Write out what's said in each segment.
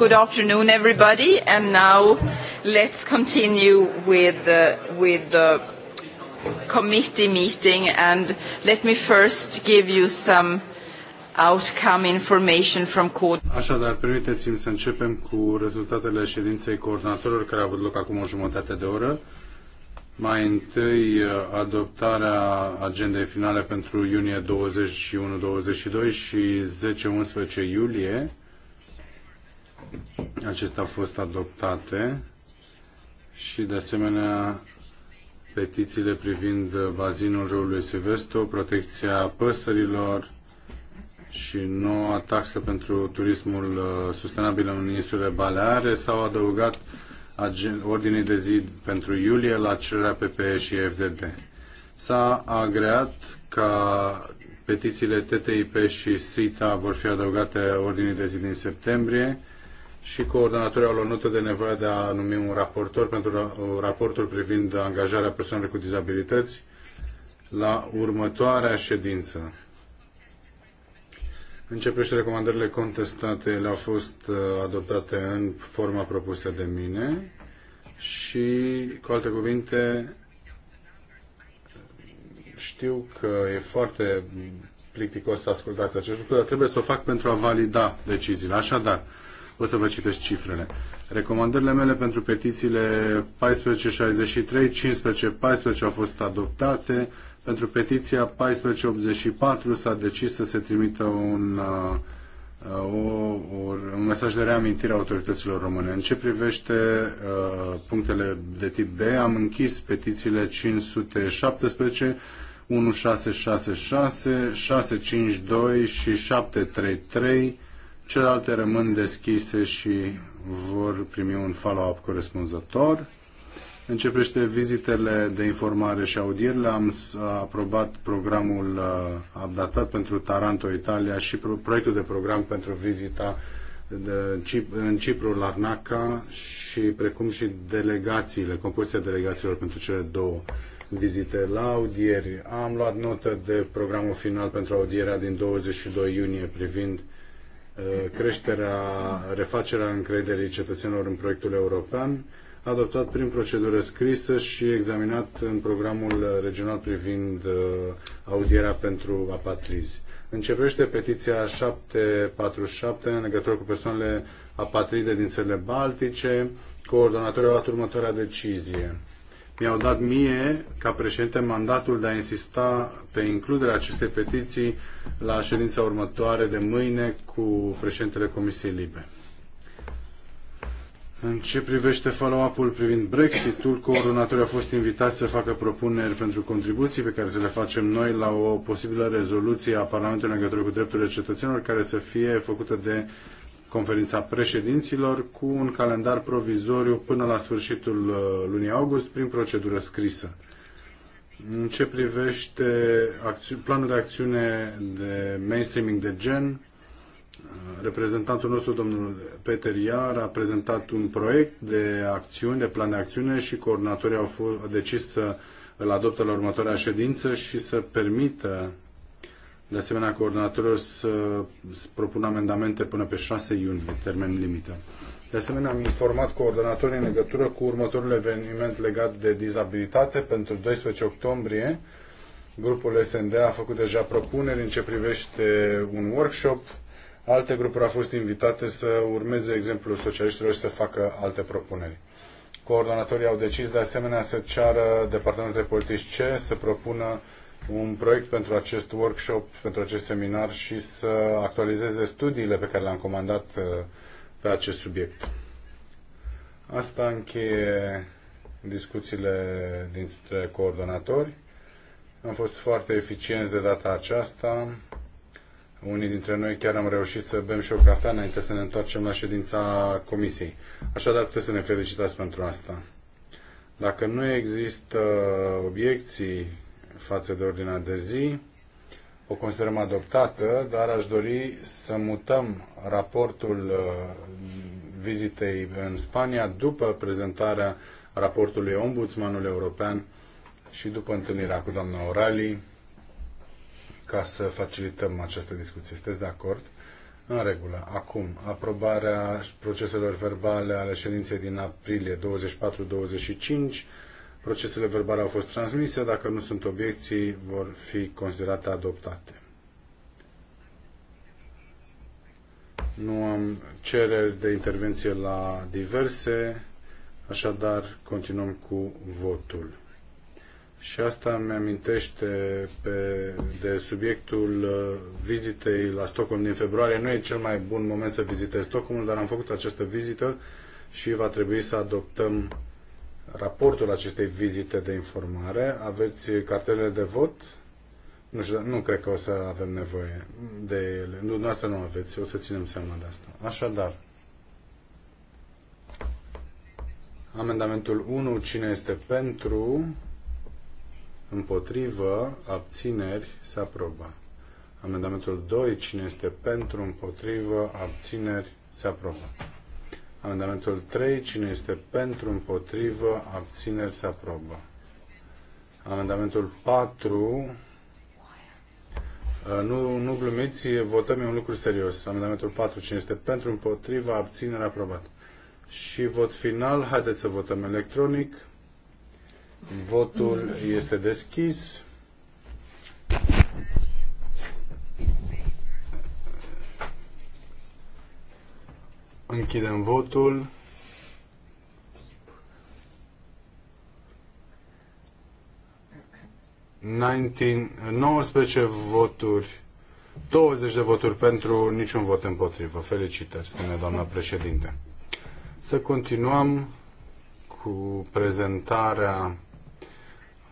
Good afternoon, everybody, and now let's continue with the, with the committee meeting. And let me first give you some outcome information from court. Așadar, permiteți-mi să începem cu rezultatele ședinței coordonatorilor care au avut loc acum o jumătate de oră. Mai întâi, adoptarea agendei finale pentru iunie 21-22 și 10-11 iulie Acestea au fost adoptate și, de asemenea, petițiile privind bazinul râului Silvestru, protecția păsărilor și noua taxă pentru turismul uh, sustenabil în insulele Baleare s-au adăugat ordinii de zi pentru iulie la cererea PPE și FDD. S-a agreat ca petițiile TTIP și SITA vor fi adăugate ordinii de zi din septembrie și coordonatorii au luat notă de nevoie de a numi un raportor pentru raportul privind angajarea persoanelor cu dizabilități la următoarea ședință. Începește recomandările contestate, le-au fost uh, adoptate în forma propusă de mine și, cu alte cuvinte, știu că e foarte plicticos să ascultați acest lucru, dar trebuie să o fac pentru a valida deciziile. Așadar, o să vă citesc cifrele. Recomandările mele pentru petițiile 1463, 1514 au fost adoptate. Pentru petiția 1484 s-a decis să se trimită un, uh, o, o, un mesaj de reamintire a autorităților române. În ce privește uh, punctele de tip B, am închis petițiile 517 1666, 652 și 733 Celelalte rămân deschise și vor primi un follow-up corespunzător. Începește vizitele de informare și audierile. Am aprobat programul uh, updatat pentru Taranto, Italia și proiectul de program pentru vizita de, în Cipru, Larnaca și precum și delegațiile, compoziția delegațiilor pentru cele două vizite la audieri. Am luat notă de programul final pentru audierea din 22 iunie privind uh, Uh, creșterea, refacerea încrederii cetățenilor în proiectul european, adoptat prin procedură scrisă și examinat în programul regional privind uh, audierea pentru apatrizi. Începește petiția 747 în legătură cu persoanele apatride din țările Baltice. Coordonatorul a luat următoarea decizie mi au dat mie, ca președinte, mandatul de a insista pe includerea acestei petiții la ședința următoare de mâine cu președintele Comisiei Libe. În ce privește follow-up-ul privind Brexit-ul, coordonatorii au fost invitați să facă propuneri pentru contribuții pe care să le facem noi la o posibilă rezoluție a Parlamentului în legătură cu drepturile cetățenilor care să fie făcută de conferința președinților cu un calendar provizoriu până la sfârșitul uh, lunii august prin procedură scrisă. În ce privește planul de acțiune de mainstreaming de gen, uh, reprezentantul nostru, domnul Peter Iar, a prezentat un proiect de acțiune, de plan de acțiune și coordonatorii au, fost, au decis să îl adoptă la următoarea ședință și să permită de asemenea coordonatorilor să propună amendamente până pe 6 iunie, termen limită. De asemenea, am informat coordonatorii în legătură cu următorul eveniment legat de dizabilitate pentru 12 octombrie. Grupul SND a făcut deja propuneri în ce privește un workshop. Alte grupuri au fost invitate să urmeze exemplul socialiștilor și să facă alte propuneri. Coordonatorii au decis de asemenea să ceară departamentele politice să propună un proiect pentru acest workshop, pentru acest seminar și să actualizeze studiile pe care le-am comandat uh, pe acest subiect. Asta încheie discuțiile dintre coordonatori. Am fost foarte eficienți de data aceasta. Unii dintre noi chiar am reușit să bem și o cafea înainte să ne întoarcem la ședința comisiei. Așadar puteți să ne felicitați pentru asta. Dacă nu există obiecții față de ordinea de zi. O considerăm adoptată, dar aș dori să mutăm raportul uh, vizitei în Spania după prezentarea raportului Ombudsmanului European și după întâlnirea cu doamna O'Reilly ca să facilităm această discuție. Sunteți de acord? În regulă. Acum, aprobarea proceselor verbale ale ședinței din aprilie 24-25 Procesele verbale au fost transmise. Dacă nu sunt obiecții, vor fi considerate adoptate. Nu am cereri de intervenție la diverse, așadar continuăm cu votul. Și asta mi amintește pe, de subiectul uh, vizitei la Stockholm din februarie. Nu e cel mai bun moment să vizitez Stockholm, dar am făcut această vizită și va trebui să adoptăm raportul acestei vizite de informare. Aveți cartelele de vot? Nu, știu, nu cred că o să avem nevoie de ele. Nu, noastră nu aveți, o să ținem seama de asta. Așadar, amendamentul 1, cine este pentru, împotrivă, abțineri, se aprobă. Amendamentul 2, cine este pentru, împotrivă, abțineri, se aprobă. Amendamentul 3. Cine este pentru, împotrivă, abțineri, se aprobă. Amendamentul 4. Uh, nu, nu glumiți, votăm un lucru serios. Amendamentul 4. Cine este pentru, împotrivă abținere, aprobat. Și vot final. Haideți să votăm electronic. Votul este deschis. Închidem votul. Nineteen, 19 voturi, 20 de voturi pentru, niciun vot împotrivă. Felicitări, spune doamna președinte. Să continuăm cu prezentarea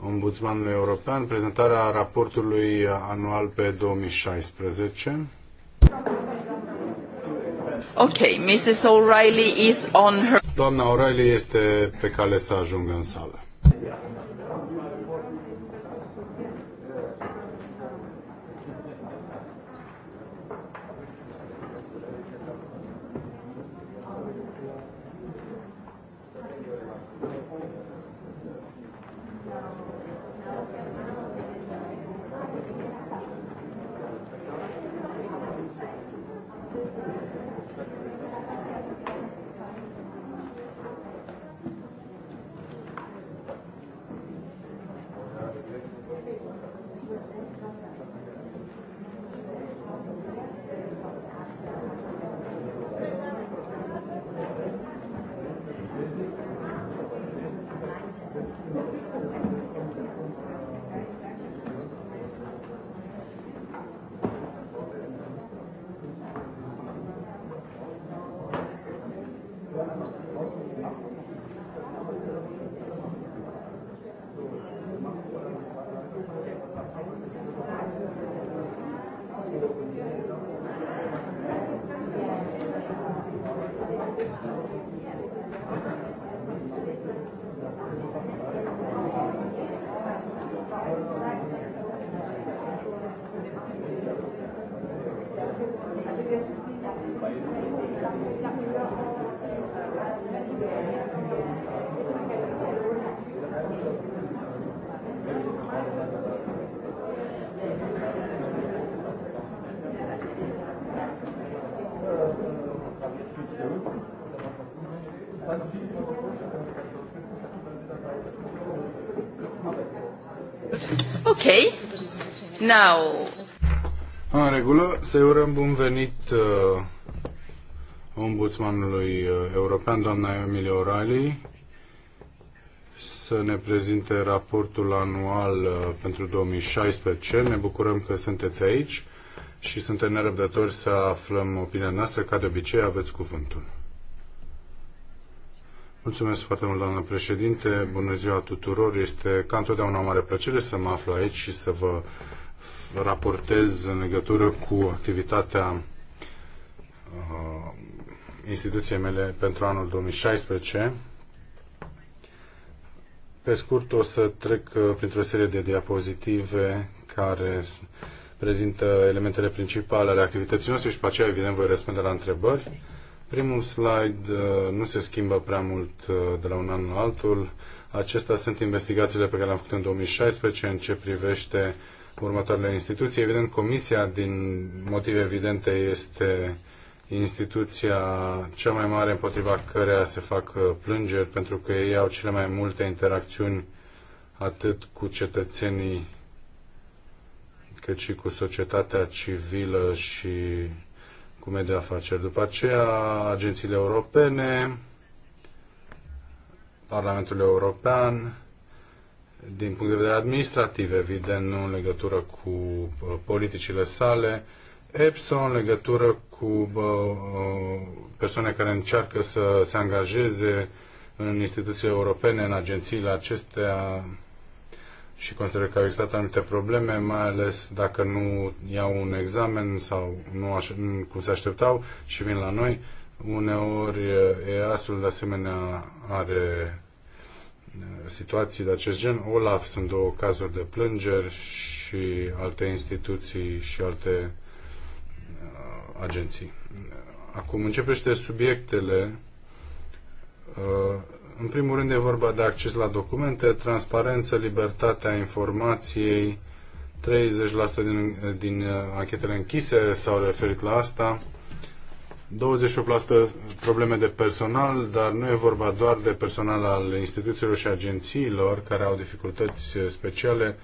Ombudsmanului European, prezentarea raportului anual pe 2016. Ok, Mrs. O'Reilly is on her... Doamna O'Reilly este pe cale să ajungă în sală. Now. În regulă, să urăm bun venit uh, ombudsmanului uh, european, doamna Emilie O'Reilly, să ne prezinte raportul anual uh, pentru 2016. Ne bucurăm că sunteți aici și suntem nerăbdători să aflăm opinia noastră. Ca de obicei, aveți cuvântul. Mulțumesc foarte mult, doamnă președinte. Bună ziua tuturor. Este ca întotdeauna o mare plăcere să mă aflu aici și să vă raportez în legătură cu activitatea uh, instituției mele pentru anul 2016. Pe scurt, o să trec uh, printr-o serie de diapozitive care prezintă elementele principale ale activității noastre și pe aceea, evident, voi răspunde la întrebări. Primul slide uh, nu se schimbă prea mult uh, de la un an la altul. Acestea sunt investigațiile pe care le-am făcut în 2016 în ce privește următoarele instituții. Evident, Comisia, din motive evidente, este instituția cea mai mare împotriva căreia se fac uh, plângeri, pentru că ei au cele mai multe interacțiuni atât cu cetățenii cât și cu societatea civilă și cu mediul afaceri. După aceea, agențiile europene, Parlamentul European, din punct de vedere administrativ, evident, nu în legătură cu uh, politicile sale, EPSO în legătură cu uh, uh, persoane care încearcă să se angajeze în instituții europene, în agențiile acestea și consider că au existat anumite probleme, mai ales dacă nu iau un examen sau nu aș, cum se așteptau și vin la noi. Uneori EAS-ul de asemenea are Uh, situații de acest gen. OLAF sunt două cazuri de plângeri și alte instituții și alte uh, agenții. Acum începește subiectele. Uh, în primul rând e vorba de acces la documente, transparență, libertatea informației. 30% din, din anchetele închise s-au referit la asta. 28% probleme de personal, dar nu e vorba doar de personal al instituțiilor și agențiilor care au dificultăți speciale,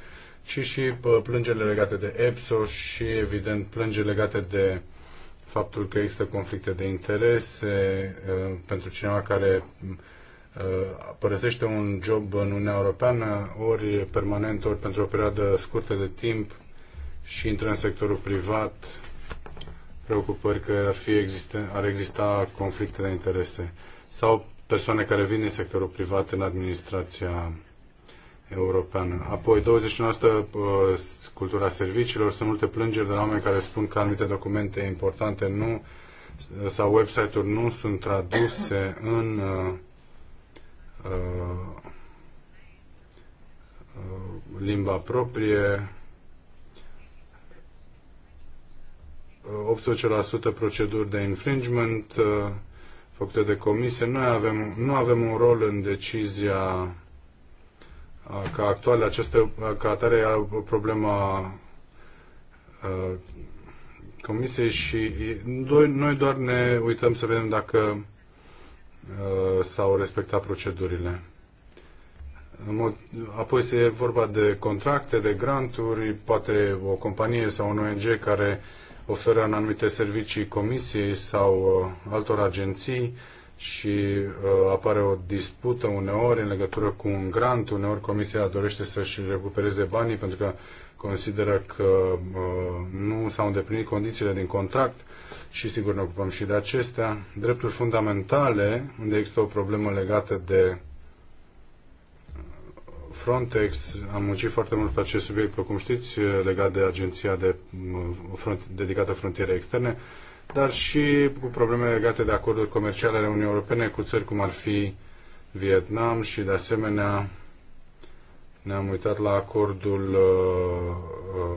ci și plângeri legate de EPSO și, evident, plângeri legate de faptul că există conflicte de interese ă, pentru cineva care ă, părăsește un job în Uniunea Europeană, ori permanent, ori pentru o perioadă scurtă de timp și intră în sectorul privat preocupări că ar, fi existen, ar exista conflicte de interese sau persoane care vin din sectorul privat în administrația europeană. Apoi, 29% uh, cultura serviciilor. Sunt multe plângeri de la oameni care spun că anumite documente importante nu sau website-uri nu sunt traduse în uh, uh, uh limba proprie. 18% proceduri de infringement uh, făcute de comisie. Noi avem, nu avem un rol în decizia uh, ca actuale, aceste, uh, ca atare e problema comisiei și noi doar ne uităm să vedem dacă s-au respectat procedurile. apoi se e vorba de contracte, de granturi, poate o companie sau un ONG care uh, oferă în anumite servicii comisiei sau uh, altor agenții și uh, apare o dispută uneori în legătură cu un grant, uneori comisia dorește să-și recupereze banii pentru că consideră că uh, nu s-au îndeplinit condițiile din contract și sigur ne ocupăm și de acestea. Drepturi fundamentale, unde există o problemă legată de Frontex, am muncit foarte mult pe acest subiect, după cum știți, legat de agenția de front, dedicată frontiere externe, dar și cu probleme legate de acorduri comerciale ale Uniunii Europene cu țări cum ar fi Vietnam și, de asemenea, ne-am uitat la acordul uh,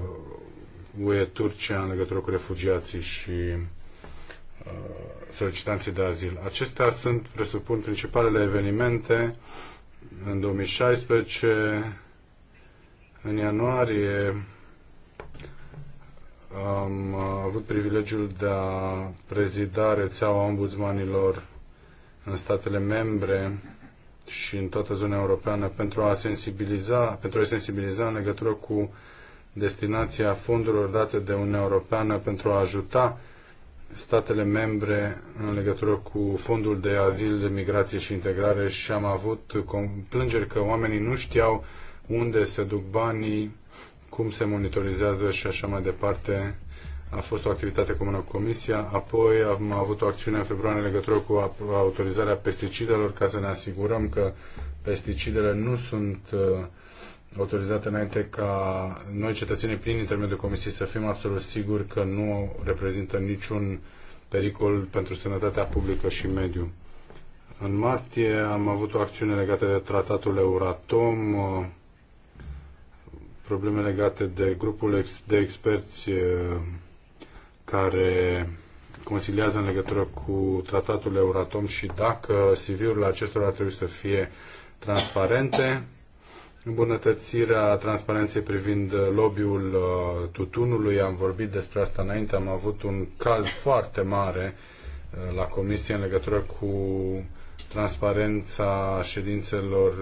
uh, UE-Turcia în legătură cu refugiații și uh, solicitanții de azil. Acestea sunt, presupun, principalele evenimente în 2016, în ianuarie, am avut privilegiul de a prezida rețeaua ombudsmanilor în statele membre și în toată zona europeană pentru a sensibiliza, pentru a sensibiliza în legătură cu destinația fondurilor date de Uniunea Europeană pentru a ajuta statele membre în legătură cu fondul de azil, migrație și integrare și am avut plângeri că oamenii nu știau unde se duc banii, cum se monitorizează și așa mai departe. A fost o activitate comună cu Comisia, apoi am avut o acțiune în februarie în legătură cu autorizarea pesticidelor ca să ne asigurăm că pesticidele nu sunt uh, autorizat înainte ca noi cetățenii prin intermediul comisiei să fim absolut siguri că nu reprezintă niciun pericol pentru sănătatea publică și mediu. În martie am avut o acțiune legată de tratatul Euratom, uh, probleme legate de grupul de experți uh, care consiliază în legătură cu tratatul Euratom și dacă CV-urile acestora ar trebui să fie transparente îmbunătățirea transparenței privind uh, lobby-ul uh, tutunului. Am vorbit despre asta înainte, am avut un caz foarte mare uh, la comisie în legătură cu transparența ședințelor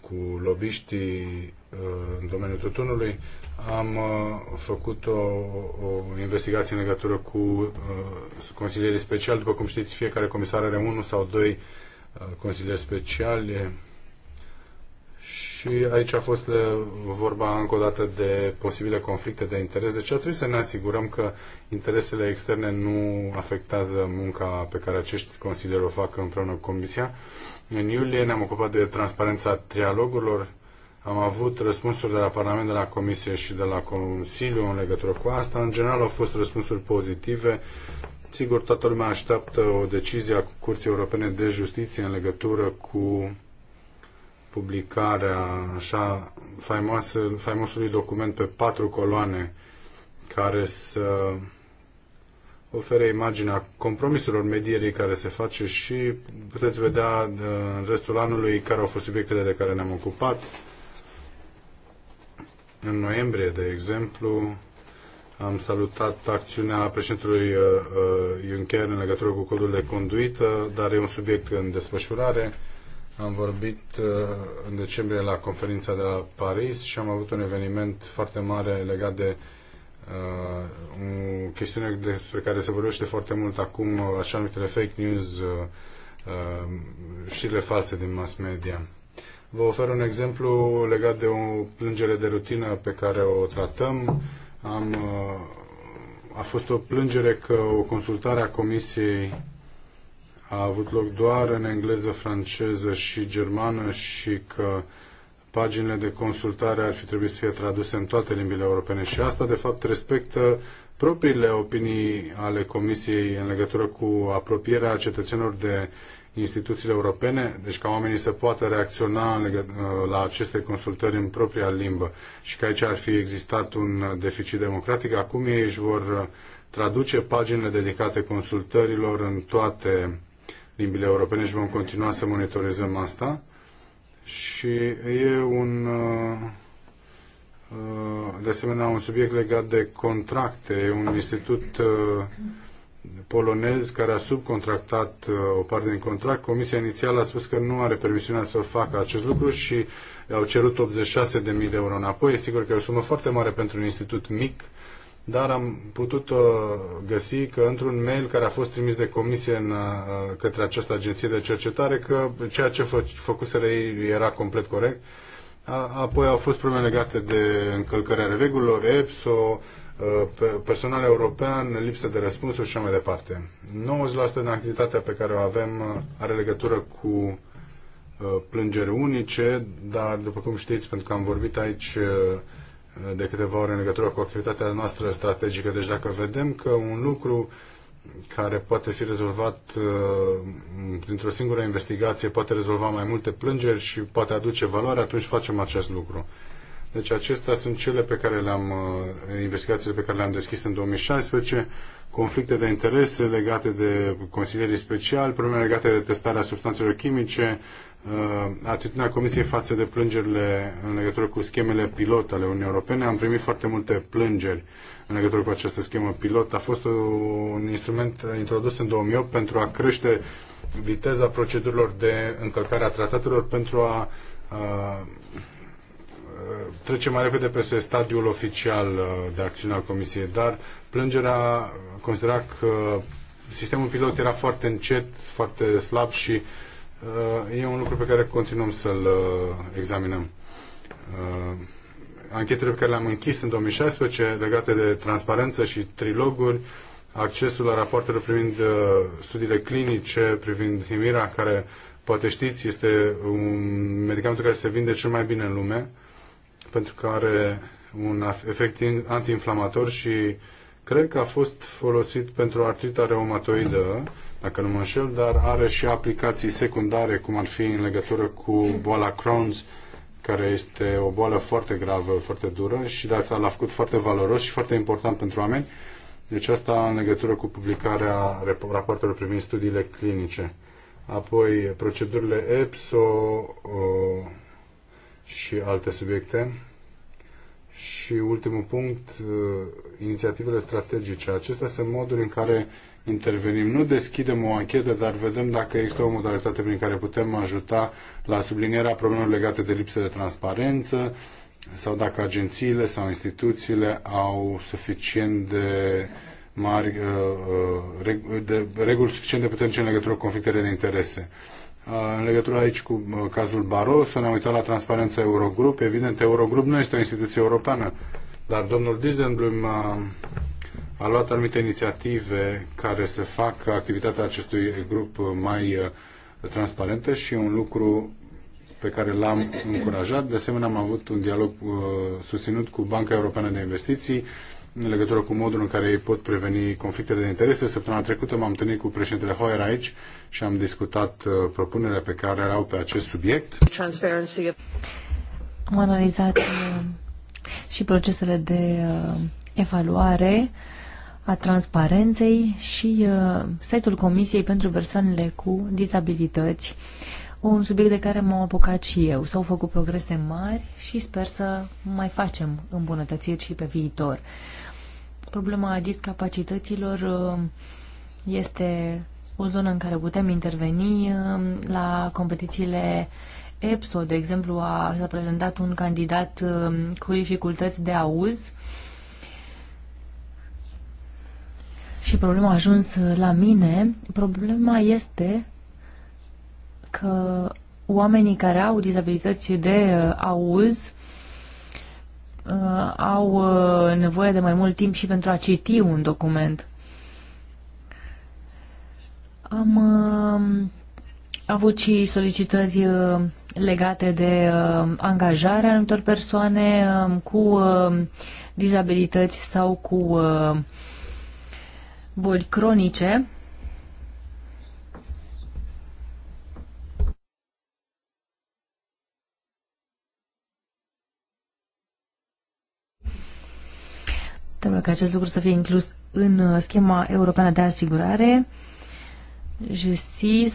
cu lobiștii în domeniul tutunului. Am făcut o, o investigație în legătură cu consilierii speciali. După cum știți, fiecare comisar are unul sau doi consilieri speciali și aici a fost vorba încă o dată de posibile conflicte de interes. Deci ar trebui să ne asigurăm că interesele externe nu afectează munca pe care acești consilieri o fac împreună cu Comisia. În iulie ne-am ocupat de transparența trialogurilor. Am avut răspunsuri de la Parlament, de la Comisie și de la Consiliu în legătură cu asta. În general au fost răspunsuri pozitive. Sigur, toată lumea așteaptă o decizie a Curții Europene de Justiție în legătură cu publicarea așa faimoasă, faimosului document pe patru coloane care să ofere imaginea compromisurilor medierii care se face și puteți vedea în uh, restul anului care au fost subiectele de care ne-am ocupat. În noiembrie, de exemplu, am salutat acțiunea președintelui uh, uh, Juncker în legătură cu codul de conduită, dar e un subiect în desfășurare. Am vorbit uh, în decembrie la conferința de la Paris și am avut un eveniment foarte mare legat de uh, o chestiune despre care se vorbește foarte mult acum, așa numitele fake news, uh, știrile false din mass media. Vă ofer un exemplu legat de o plângere de rutină pe care o tratăm. Am, a fost o plângere că o consultare a Comisiei a avut loc doar în engleză, franceză și germană și că paginile de consultare ar fi trebuit să fie traduse în toate limbile europene și asta de fapt respectă propriile opinii ale Comisiei în legătură cu apropierea cetățenilor de instituțiile europene, deci ca oamenii să poată reacționa la aceste consultări în propria limbă și că aici ar fi existat un deficit democratic. Acum ei își vor traduce paginile dedicate consultărilor în toate limbile europene și vom continua să monitorizăm asta. Și e un, uh, de asemenea, un subiect legat de contracte. E un institut uh, polonez care a subcontractat uh, o parte din contract. Comisia inițială a spus că nu are permisiunea să facă acest lucru și au cerut 86.000 de euro înapoi. E sigur că e o sumă foarte mare pentru un institut mic dar am putut uh, găsi că într-un mail care a fost trimis de comisie în, uh, către această agenție de cercetare că ceea ce fă, făcuseră ei era complet corect. Apoi au fost probleme legate de încălcarea regulilor, EPSO, uh, personal european, lipsă de răspunsuri și așa mai departe. 90% din activitatea pe care o avem are legătură cu plângeri unice, dar după cum știți, pentru că am vorbit aici de câteva ori în legătură cu activitatea noastră strategică. Deci dacă vedem că un lucru care poate fi rezolvat printr-o uh, singură investigație, poate rezolva mai multe plângeri și poate aduce valoare, atunci facem acest lucru. Deci acestea sunt cele pe care le-am, uh, investigațiile pe care le-am deschis în 2016, conflicte de interese legate de consilierii speciali, probleme legate de testarea substanțelor chimice, Uh, atitudinea Comisiei față de plângerile în legătură cu schemele pilot ale Uniunii Europene. Am primit foarte multe plângeri în legătură cu această schemă pilot. A fost un instrument introdus în 2008 pentru a crește viteza procedurilor de încălcare a tratatelor pentru a, uh, uh, trece mai repede peste stadiul oficial de acțiune al Comisiei, dar plângerea considera că sistemul pilot era foarte încet, foarte slab și uh, Uh, e un lucru pe care continuăm să-l uh, examinăm. Uh, anchetele pe care le-am închis în 2016 legate de transparență și triloguri, accesul la rapoartele privind studiile clinice, privind Himira, care poate știți este un medicament care se vinde cel mai bine în lume, pentru că are un efect antiinflamator și cred că a fost folosit pentru artrita reumatoidă dacă nu mă înșel, dar are și aplicații secundare, cum ar fi în legătură cu boala Crohn's, care este o boală foarte gravă, foarte dură și de asta l-a făcut foarte valoros și foarte important pentru oameni. Deci asta în legătură cu publicarea raportelor privind studiile clinice. Apoi procedurile EPSO o și alte subiecte. Și ultimul punct, inițiativele strategice. Acestea sunt moduri în care intervenim. Nu deschidem o anchetă, dar vedem dacă există o modalitate prin care putem ajuta la sublinierea problemelor legate de lipsă de transparență sau dacă agențiile sau instituțiile au suficient de mari, uh, uh, de reguli suficient de puternice în legătură cu conflictele de interese. Uh, în legătură aici cu cazul Baros, să ne-am uitat la transparența Eurogrup. Evident, Eurogrup nu este o instituție europeană, dar domnul Dizenblum a luat anumite inițiative care să facă activitatea acestui grup mai uh, transparentă și un lucru pe care l-am încurajat. De asemenea, am avut un dialog uh, susținut cu Banca Europeană de Investiții în legătură cu modul în care ei pot preveni conflictele de interese. Săptămâna trecută m-am întâlnit cu președintele Hoyer aici și am discutat uh, propunerea pe care le au pe acest subiect. Transparency. Am analizat uh, și procesele de uh, evaluare a transparenței și uh, site-ul Comisiei pentru persoanele cu dizabilități, un subiect de care m-am apucat și eu. S-au făcut progrese mari și sper să mai facem îmbunătățiri și pe viitor. Problema discapacităților uh, este o zonă în care putem interveni uh, la competițiile EPSO, de exemplu, a, s-a prezentat un candidat uh, cu dificultăți de auz uh, și problema a ajuns la mine, problema este că oamenii care au dizabilități de uh, auz uh, au uh, nevoie de mai mult timp și pentru a citi un document. Am avut și solicitări legate de angajarea anumitor persoane cu dizabilități sau cu boli cronice. Trebuie ca acest lucru să fie inclus în uh, schema europeană de asigurare. Justice.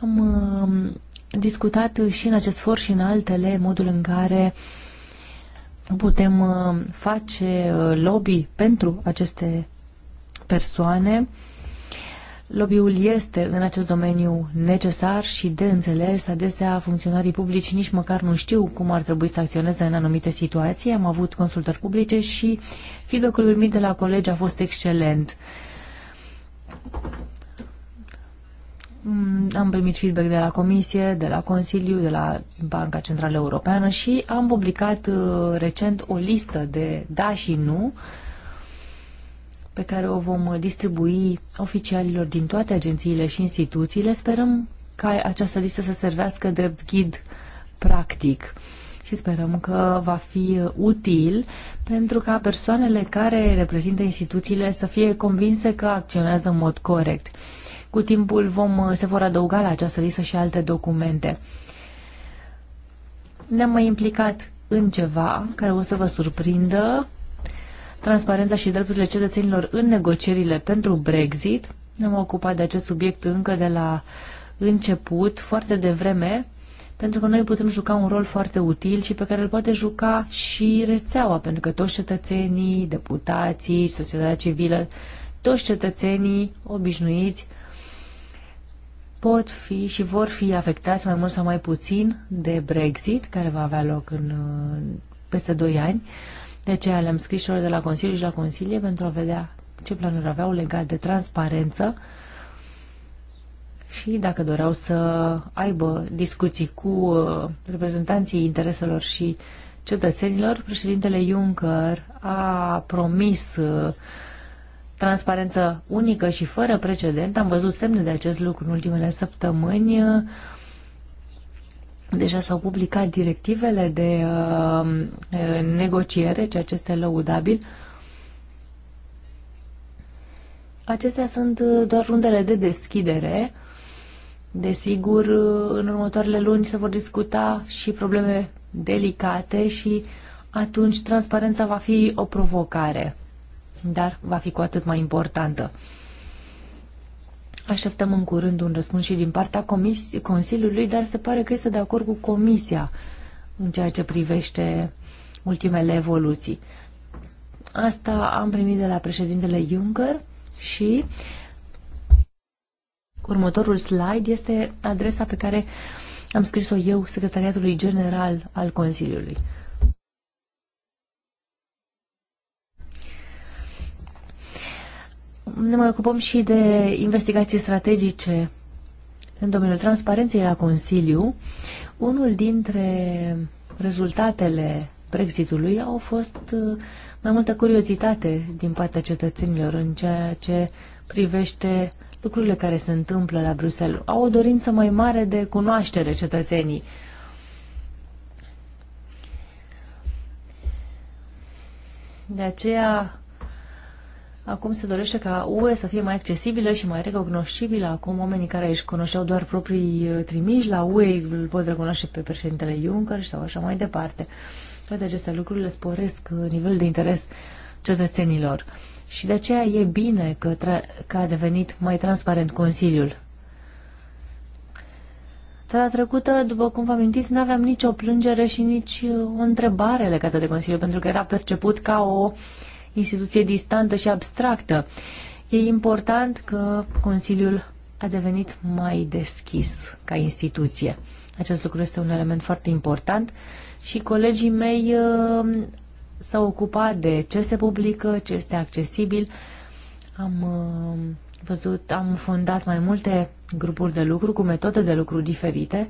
Am um, discutat și în acest for și în altele modul în care uh, putem uh, face uh, lobby pentru aceste persoane. Lobby-ul este în acest domeniu necesar și de înțeles. Adesea funcționarii publici nici măcar nu știu cum ar trebui să acționeze în anumite situații. Am avut consultări publice și feedback-ul primit de la colegi a fost excelent. Mm, am primit feedback de la Comisie, de la Consiliu, de la Banca Centrală Europeană și am publicat uh, recent o listă de da și nu pe care o vom distribui oficialilor din toate agențiile și instituțiile. Sperăm ca această listă să servească drept ghid practic și sperăm că va fi uh, util pentru ca persoanele care reprezintă instituțiile să fie convinse că acționează în mod corect. Cu timpul vom, uh, se vor adăuga la această listă și alte documente. Ne-am mai implicat în ceva care o să vă surprindă. Transparența și drepturile cetățenilor în negocierile pentru Brexit. Ne-am ocupat de acest subiect încă de la început, foarte devreme, pentru că noi putem juca un rol foarte util și pe care îl poate juca și rețeaua, pentru că toți cetățenii, deputații, societatea civilă, toți cetățenii obișnuiți pot fi și vor fi afectați mai mult sau mai puțin de Brexit, care va avea loc în uh, peste 2 ani. De aceea le-am scris și de la Consiliu și la Consilie pentru a vedea ce planuri aveau legat de transparență și dacă doreau să aibă discuții cu uh, reprezentanții intereselor și cetățenilor, președintele Juncker a promis uh, transparență unică și fără precedent. Am văzut semne de acest lucru în ultimele săptămâni. Deja s-au publicat directivele de uh, uh negociere, ceea ce este lăudabil. Acestea sunt uh, doar rundele de deschidere. Desigur, uh, în următoarele luni se vor discuta și probleme delicate și atunci transparența va fi o provocare dar va fi cu atât mai importantă. Așteptăm în curând un răspuns și din partea comis- Consiliului, dar se pare că este de acord cu Comisia în ceea ce privește ultimele evoluții. Asta am primit de la președintele Juncker și următorul slide este adresa pe care am scris-o eu secretariatului general al Consiliului. Ne mai ocupăm și de investigații strategice în domeniul transparenței la Consiliu. Unul dintre rezultatele Brexitului au fost uh, mai multă curiozitate din partea cetățenilor în ceea ce privește lucrurile care se întâmplă la Bruxelles. Au o dorință mai mare de cunoaștere cetățenii. De aceea Acum se dorește ca UE să fie mai accesibilă și mai recognoscibilă. Acum oamenii care își cunoșteau doar proprii uh, trimiși la UE îl pot recunoaște pe președintele Juncker sau așa mai departe. Toate aceste lucruri le sporesc uh, nivelul de interes cetățenilor. Și de aceea e bine că, că a devenit mai transparent Consiliul. Data trecută, după cum vă amintiți, nu aveam nicio plângere și nici uh, o întrebare legată de Consiliu, pentru că era perceput ca o uh, instituție distantă și abstractă. E important că Consiliul a devenit mai deschis ca instituție. Acest lucru este un element foarte important și colegii mei uh, s-au ocupat de ce se publică, ce este accesibil. Am uh, văzut, am fondat mai multe grupuri de lucru cu metode de lucru diferite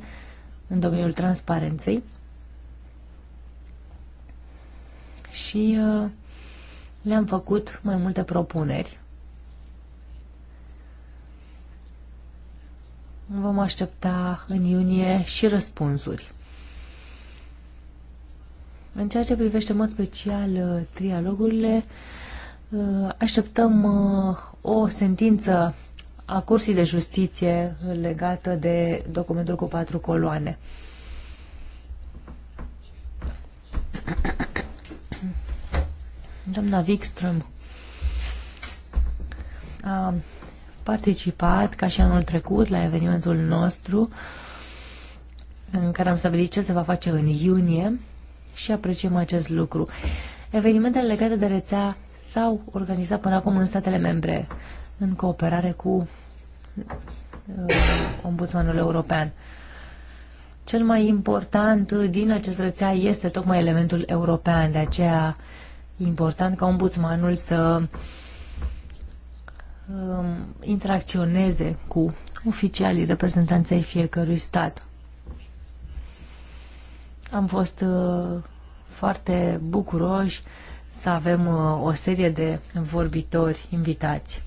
în domeniul transparenței. Și uh, le-am făcut mai multe propuneri. Vom aștepta în iunie și răspunsuri. În ceea ce privește în mod special uh, trialogurile, uh, așteptăm uh, o sentință a cursii de Justiție legată de documentul cu patru coloane. Doamna Wikström a participat, ca și anul trecut, la evenimentul nostru în care am stabilit ce se va face în iunie și apreciem acest lucru. Evenimentele legate de rețea s-au organizat până acum în statele membre în cooperare cu uh, Ombudsmanul European. Cel mai important din acest rețea este tocmai elementul european, de aceea uh, important ca ombudsmanul să um, interacționeze cu oficialii reprezentanței fiecărui stat. Am fost uh, foarte bucuroși să avem uh, o serie de vorbitori invitați.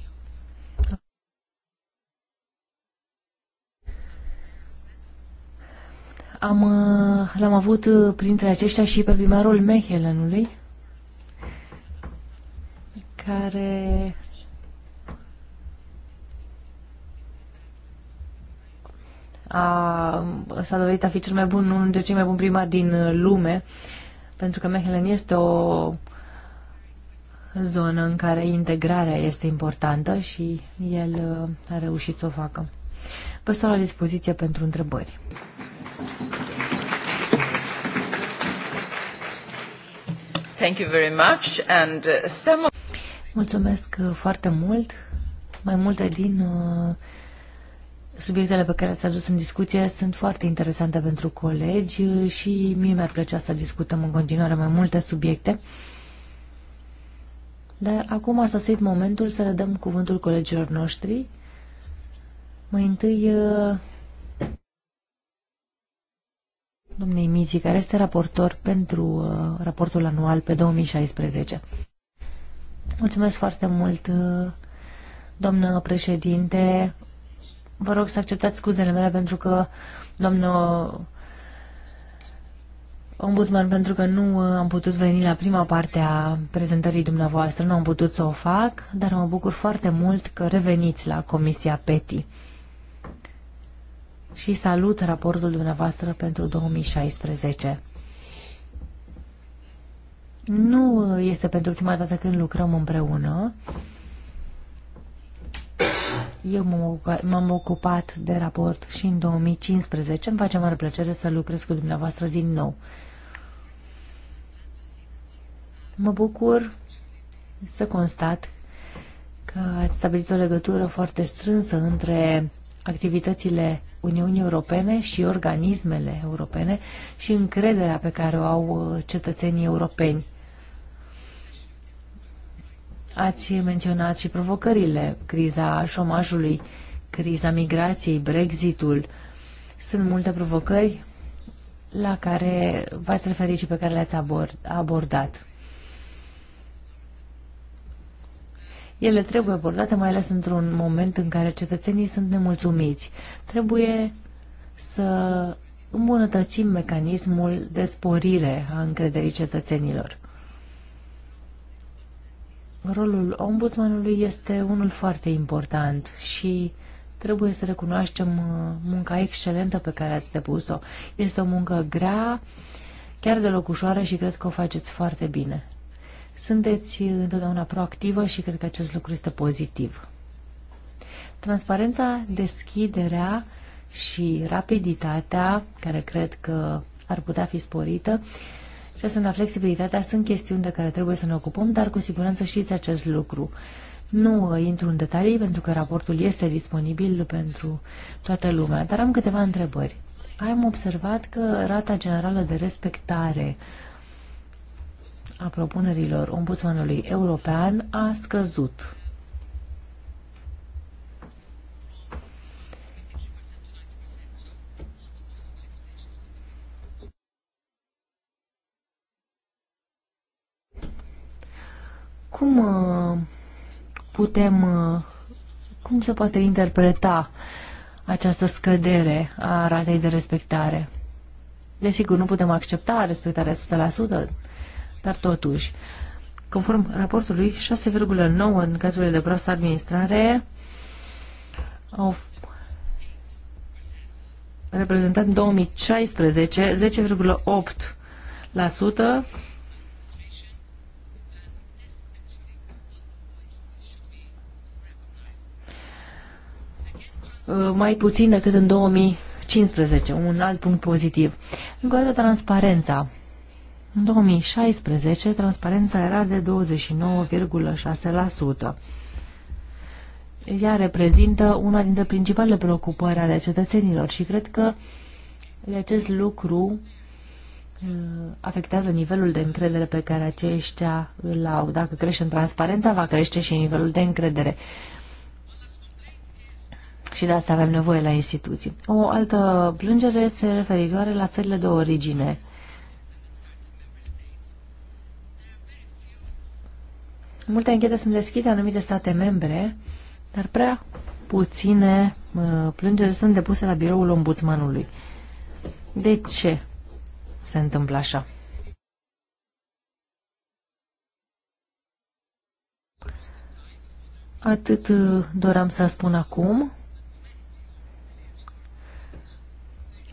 Am, uh, l-am avut printre aceștia și pe primarul Mechelenului, care a, s-a dovedit a fi cel mai bun, unul dintre cei mai buni primari din lume, pentru că Mechelen este o zonă în care integrarea este importantă și el uh, a reușit să o facă. Vă stau la dispoziție pentru întrebări. Thank you very much and uh, some Mulțumesc uh, foarte mult. Mai multe din uh, subiectele pe care le-ați adus în discuție sunt foarte interesante pentru colegi uh, și mie mi-ar plăcea să discutăm în continuare mai multe subiecte. Dar acum a sosit momentul să le dăm cuvântul colegilor noștri. Mai întâi domnei Mizi, care este raportor pentru raportul anual pe 2016. Mulțumesc foarte mult, uh, doamnă președinte. Vă rog să acceptați scuzele mele pentru că, doamnă ombudsman, pentru că nu uh, am putut veni la prima parte a prezentării dumneavoastră, nu am putut să o fac, dar mă bucur foarte mult că reveniți la Comisia PETI. Și salut raportul dumneavoastră pentru 2016. Nu este pentru prima dată când lucrăm împreună. Eu m-am ocupat de raport și în 2015. Îmi face mare plăcere să lucrez cu dumneavoastră din nou. Mă bucur să constat că ați stabilit o legătură foarte strânsă între activitățile Uniunii Europene și organismele europene și încrederea pe care o au uh, cetățenii europeni Ați menționat și provocările, criza șomajului, criza migrației, Brexitul. Sunt multe provocări la care v-ați referit și pe care le-ați abordat. Ele trebuie abordate, mai ales într-un moment în care cetățenii sunt nemulțumiți. Trebuie să îmbunătățim mecanismul de sporire a încrederii cetățenilor. Rolul ombudsmanului este unul foarte important și trebuie să recunoaștem uh, munca excelentă pe care ați depus-o. Este o muncă grea, chiar deloc ușoară și cred că o faceți foarte bine. Sunteți uh, întotdeauna proactivă și cred că acest lucru este pozitiv. Transparența, deschiderea și rapiditatea, care cred că ar putea fi sporită, uh, și la flexibilitatea sunt chestiuni de care trebuie să ne ocupăm, dar cu siguranță știți acest lucru. Nu uh, intru în detalii pentru că raportul este disponibil pentru toată lumea, dar am câteva întrebări. Am observat că rata generală de respectare a propunerilor ombudsmanului european a scăzut Cum uh, putem, uh, cum se poate interpreta această scădere a ratei de respectare? Desigur, nu putem accepta respectarea 100%, dar totuși, conform raportului, 6,9 în cazurile de proastă administrare au reprezentat în 2016 10,8% Uh, mai puțin decât în 2015, un alt punct pozitiv. Încă o dată, transparența. În 2016, transparența era de 29,6%. Ea reprezintă una dintre principalele preocupări ale cetățenilor și cred că acest lucru uh, afectează nivelul de încredere pe care aceștia îl au. Dacă crește transparența, va crește și nivelul de încredere și de asta avem nevoie la instituții. O altă plângere este referitoare la țările de origine. Multe închete sunt deschise anumite state membre, dar prea puține uh, plângeri sunt depuse la biroul ombudsmanului. De ce se întâmplă așa? Atât uh, doream să spun acum.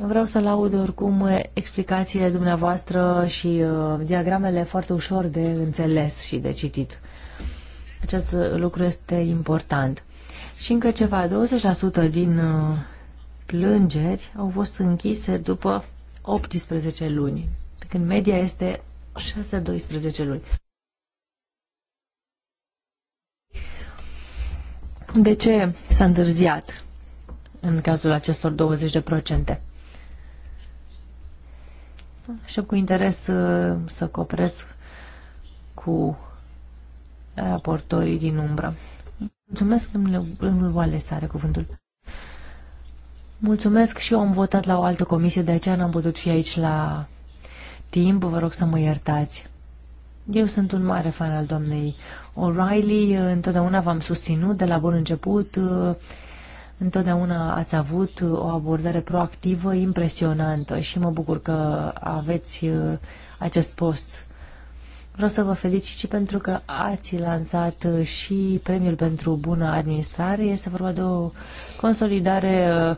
Vreau să laud oricum explicațiile dumneavoastră și uh, diagramele foarte ușor de înțeles și de citit. Acest lucru este important. Și încă ceva, 20% din uh, plângeri au fost închise după 18 luni, când media este 6-12 luni. De ce s-a întârziat în cazul acestor 20%? și cu interes uh, să copresc cu raportorii din umbră. Mulțumesc, domnule, domnul Wales are cuvântul. Mulțumesc și eu am votat la o altă comisie, de aceea n-am putut fi aici la timp, vă rog să mă iertați. Eu sunt un mare fan al doamnei O'Reilly, întotdeauna v-am susținut de la bun început, Întotdeauna ați avut o abordare proactivă impresionantă și mă bucur că aveți uh, acest post. Vreau să vă felicit și pentru că ați lansat uh, și premiul pentru bună administrare. Este vorba de o consolidare uh,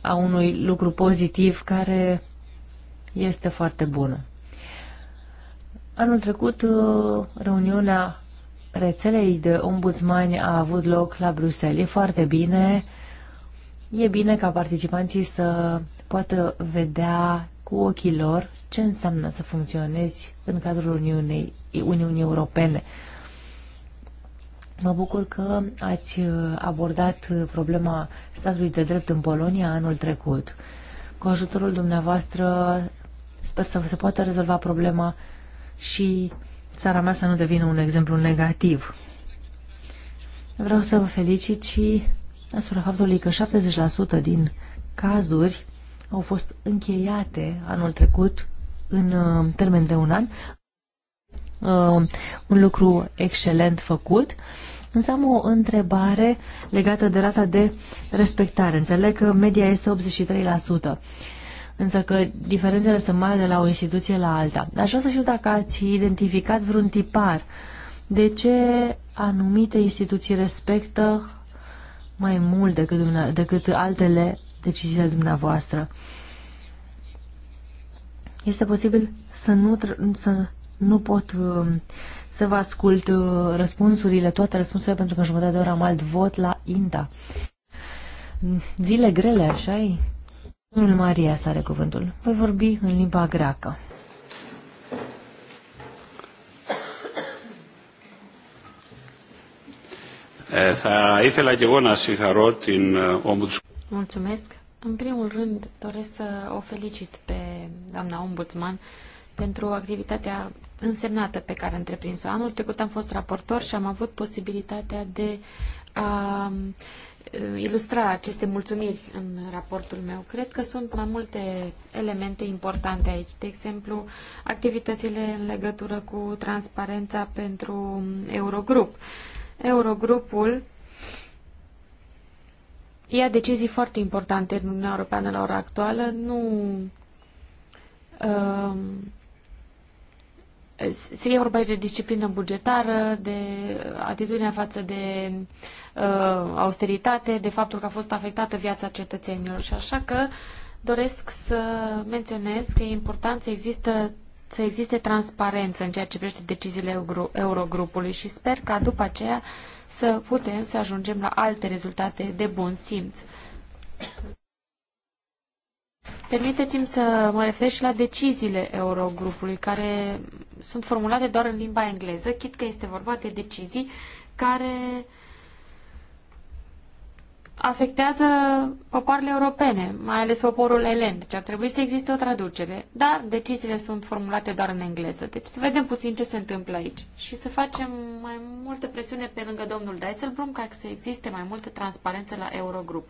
a unui lucru pozitiv care este foarte bună. Anul trecut, reuniunea rețelei de ombudsmani a avut loc la Bruxelles. E foarte bine. E bine ca participanții să poată vedea cu ochii lor ce înseamnă să funcționezi în cadrul Uniunii, Uniunii Europene. Mă bucur că ați abordat problema statului de drept în Polonia anul trecut. Cu ajutorul dumneavoastră sper să se poată rezolva problema și țara mea să nu devină un exemplu negativ. Vreau să vă felicit și asupra faptului că 70% din cazuri au fost încheiate anul trecut în uh, termen de un an. Uh, un lucru excelent făcut. Însă am o întrebare legată de rata de respectare. Înțeleg că media este 83% însă că diferențele sunt mari de la o instituție la alta. Aș vrea să știu dacă ați identificat vreun tipar. De ce anumite instituții respectă mai mult decât, decât altele deciziile dumneavoastră? Este posibil să nu, să nu pot um, să vă ascult uh, răspunsurile, toate răspunsurile, pentru că jumătate de oră am alt vot la INTA. Zile grele, așa -i? Domnul Maria să are cuvântul. Voi vorbi în limba greacă. Θα ήθελα και εγώ να συγχαρώ την Mulțumesc. În primul rând doresc să o felicit pe doamna ombudsman pentru activitatea însemnată pe care a întreprins-o. Anul trecut am fost raportor și am avut posibilitatea de a ilustra aceste mulțumiri în raportul meu. Cred că sunt mai multe elemente importante aici. De exemplu, activitățile în legătură cu transparența pentru Eurogrup. Eurogrupul ia decizii foarte importante în Uniunea Europeană la ora actuală, nu uh, se e vorba de disciplină bugetară, de atitudinea față de uh, austeritate, de faptul că a fost afectată viața cetățenilor. Și așa că doresc să menționez că e important să există să existe transparență în ceea ce privește deciziile Eurogrupului și sper ca după aceea să putem să ajungem la alte rezultate de bun simț. Permiteți-mi să mă refer și la deciziile Eurogrupului, care sunt formulate doar în limba engleză, chit că este vorba de decizii care afectează popoarele europene, mai ales poporul elen. Deci ar trebui să existe o traducere, dar deciziile sunt formulate doar în engleză. Deci să vedem puțin ce se întâmplă aici și să facem mai multe presiune pe lângă domnul Dijsselbloem ca să existe mai multă transparență la Eurogrup.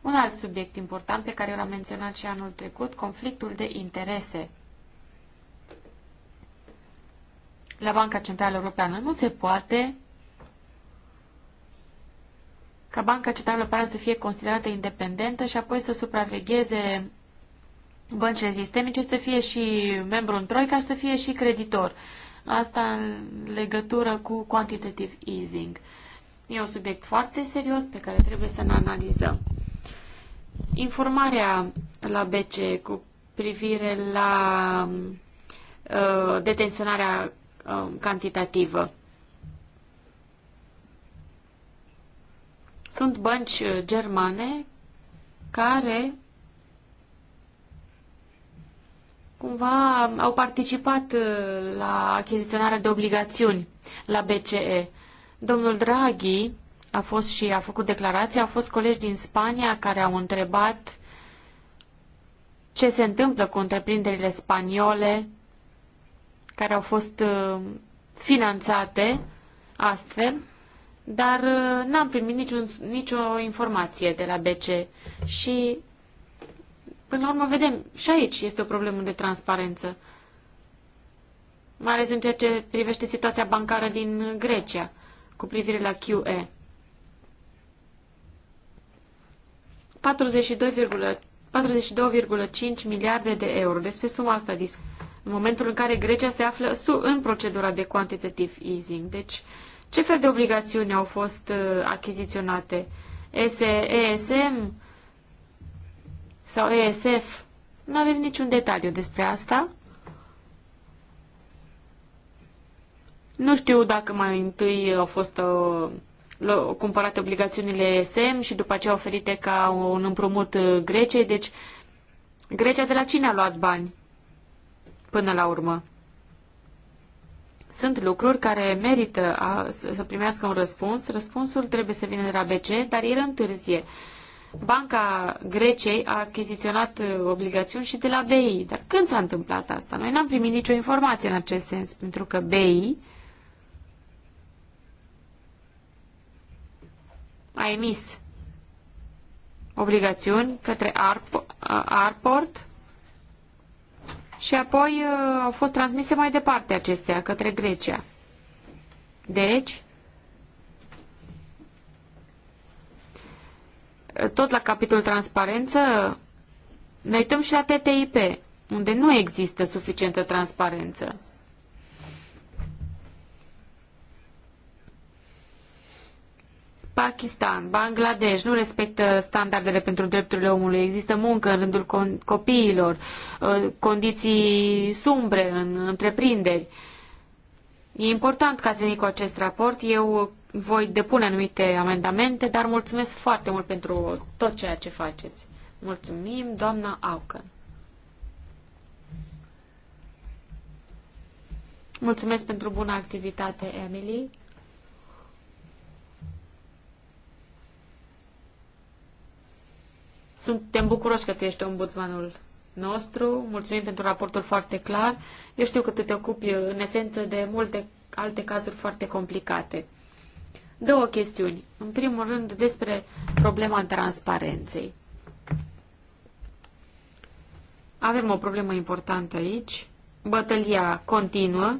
Un alt subiect important pe care l-am menționat și anul trecut, conflictul de interese. La Banca Centrală Europeană nu se poate ca Banca Centrală Europeană să fie considerată independentă și apoi să supravegheze băncile sistemice, să fie și membru în troica și să fie și creditor. Asta în legătură cu quantitative easing. E un subiect foarte serios pe care trebuie să-l analizăm informarea la BC cu privire la uh, detenționarea uh, cantitativă. Sunt bănci uh, germane care cumva au participat uh, la achiziționarea de obligațiuni la BCE. Domnul Draghi a fost și a făcut declarații, au fost colegi din Spania care au întrebat ce se întâmplă cu întreprinderile spaniole care au fost uh, finanțate astfel, dar uh, n-am primit niciun, nicio informație de la BC și până la urmă vedem și aici este o problemă de transparență, mai ales în ceea ce privește situația bancară din Grecia cu privire la QE. 42,5 miliarde de euro. Despre suma asta discutăm în momentul în care Grecia se află în procedura de quantitative easing. Deci, ce fel de obligațiuni au fost uh, achiziționate? ESM sau ESF? Nu avem niciun detaliu despre asta. Nu știu dacă mai întâi au fost uh, cumpărate obligațiunile SM și după aceea oferite ca un împrumut uh, Greciei. Deci, Grecia de la cine a luat bani până la urmă? Sunt lucruri care merită a, să primească un răspuns. Răspunsul trebuie să vină de la BC, dar el întârzie. Banca Greciei a achiziționat uh, obligațiuni și de la BI. Dar când s-a întâmplat asta? Noi n-am primit nicio informație în acest sens, pentru că BI a emis obligațiuni către Arport și apoi uh, au fost transmise mai departe acestea către Grecia. Deci, tot la capitolul transparență, ne uităm și la TTIP, unde nu există suficientă transparență. Pakistan, Bangladesh nu respectă standardele pentru drepturile omului, există muncă în rândul copiilor, uh, condiții sumbre în întreprinderi. E important că ați venit cu acest raport. Eu voi depune anumite amendamente, dar mulțumesc foarte mult pentru tot ceea ce faceți. Mulțumim, doamna Aucăn. Mulțumesc pentru bună activitate, Emily. Suntem bucuroși că tu ești ombudsmanul nostru. Mulțumim pentru raportul foarte clar. Eu știu că tu te ocupi uh, în esență de multe alte cazuri foarte complicate. Două chestiuni. În primul rând despre problema transparenței. Avem o problemă importantă aici. Bătălia continuă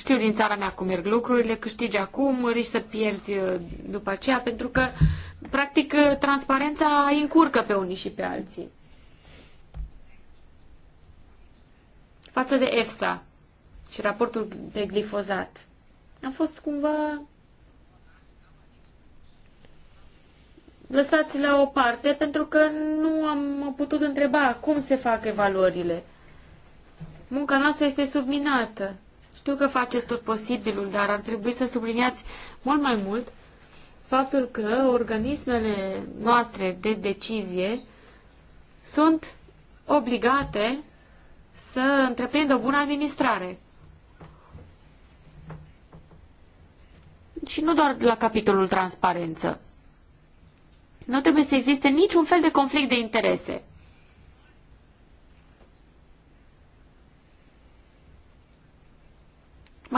știu din țara mea cum merg lucrurile, câștigi acum, riști să pierzi uh, după aceea, pentru că, practic, uh, transparența încurcă pe unii și pe alții. Față de EFSA și raportul de glifozat, am fost cumva lăsați la o parte pentru că nu am putut întreba cum se fac evaluările. Munca noastră este subminată. Știu că faceți tot posibilul, dar ar trebui să subliniați mult mai mult faptul că organismele noastre de decizie sunt obligate să întreprindă o bună administrare. Și nu doar la capitolul transparență. Nu trebuie să existe niciun fel de conflict de interese.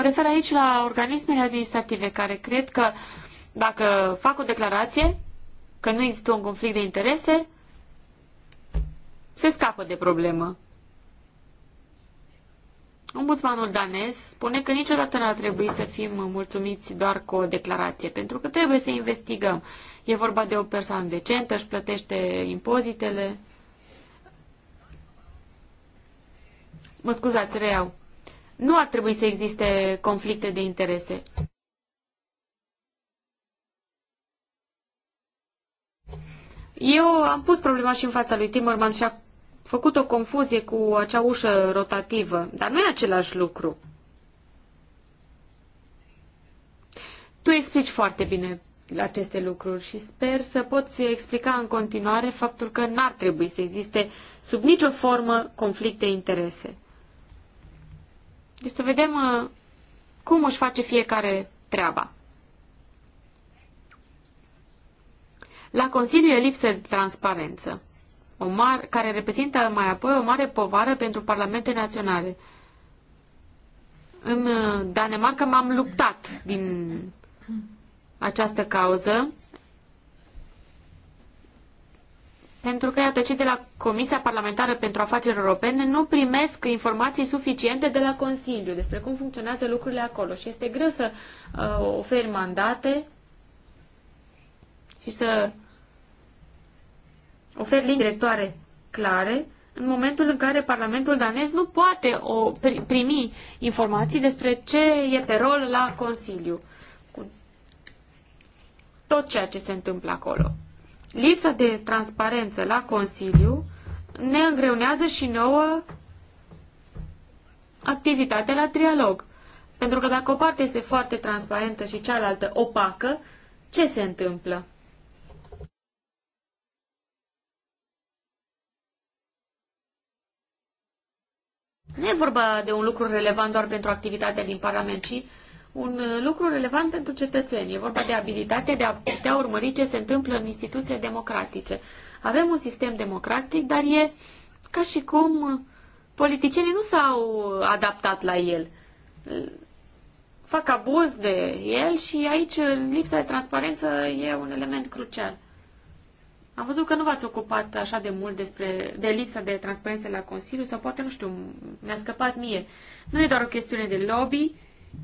refer aici la organismele administrative care cred că dacă fac o declarație că nu există un conflict de interese, se scapă de problemă. Ombudsmanul danez spune că niciodată nu ar trebui să fim mulțumiți doar cu o declarație, pentru că trebuie să investigăm. E vorba de o persoană decentă, își plătește impozitele. Mă scuzați, reiau nu ar trebui să existe conflicte de interese. Eu am pus problema și în fața lui Timmerman și a făcut o confuzie cu acea ușă rotativă, dar nu e același lucru. Tu explici foarte bine aceste lucruri și sper să poți explica în continuare faptul că n-ar trebui să existe sub nicio formă conflict de interese. Deci să vedem uh, cum își face fiecare treaba. La Consiliu e lipsă de transparență, o mare, care reprezintă mai apoi o mare povară pentru parlamente naționale. În uh, Danemarca m-am luptat din această cauză pentru că, iată, cei de la Comisia Parlamentară pentru Afaceri Europene nu primesc informații suficiente de la Consiliu despre cum funcționează lucrurile acolo și este greu să uh, oferi mandate și să oferi linii directoare clare în momentul în care Parlamentul danez nu poate o primi informații despre ce e pe rol la Consiliu cu tot ceea ce se întâmplă acolo lipsa de transparență la Consiliu ne îngreunează și nouă activitatea la trialog. Pentru că dacă o parte este foarte transparentă și cealaltă opacă, ce se întâmplă? Nu e vorba de un lucru relevant doar pentru activitatea din Parlament, ci un uh, lucru relevant pentru cetățeni. E vorba de abilitatea de a putea urmări ce se întâmplă în instituții democratice. Avem un sistem democratic, dar e ca și cum uh, politicienii nu s-au uh, adaptat la el. Fac abuz de el și aici lipsa de transparență e un element crucial. Am văzut că nu v-ați ocupat așa de mult despre, de lipsa de transparență la Consiliu sau poate, nu știu, mi-a scăpat mie. Nu e doar o chestiune de lobby,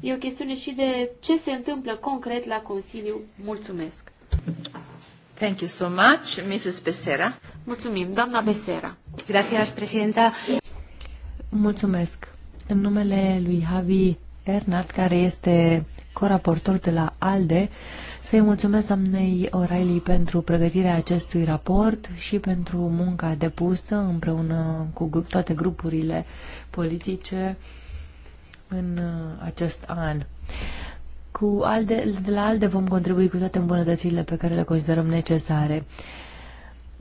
E o chestiune și de ce se întâmplă concret la Consiliu. Mulțumesc! Thank you so much, Mrs. Becerra. Mulțumim, doamna Becerra. Gracias, presidenta. Mulțumesc. În numele lui Javi Ernat, care este coraportor de la ALDE, să-i mulțumesc doamnei O'Reilly pentru pregătirea acestui raport și pentru munca depusă împreună cu toate grupurile politice în uh, acest an. Cu ALDE, de la ALDE vom contribui cu toate îmbunătățirile pe care le considerăm necesare.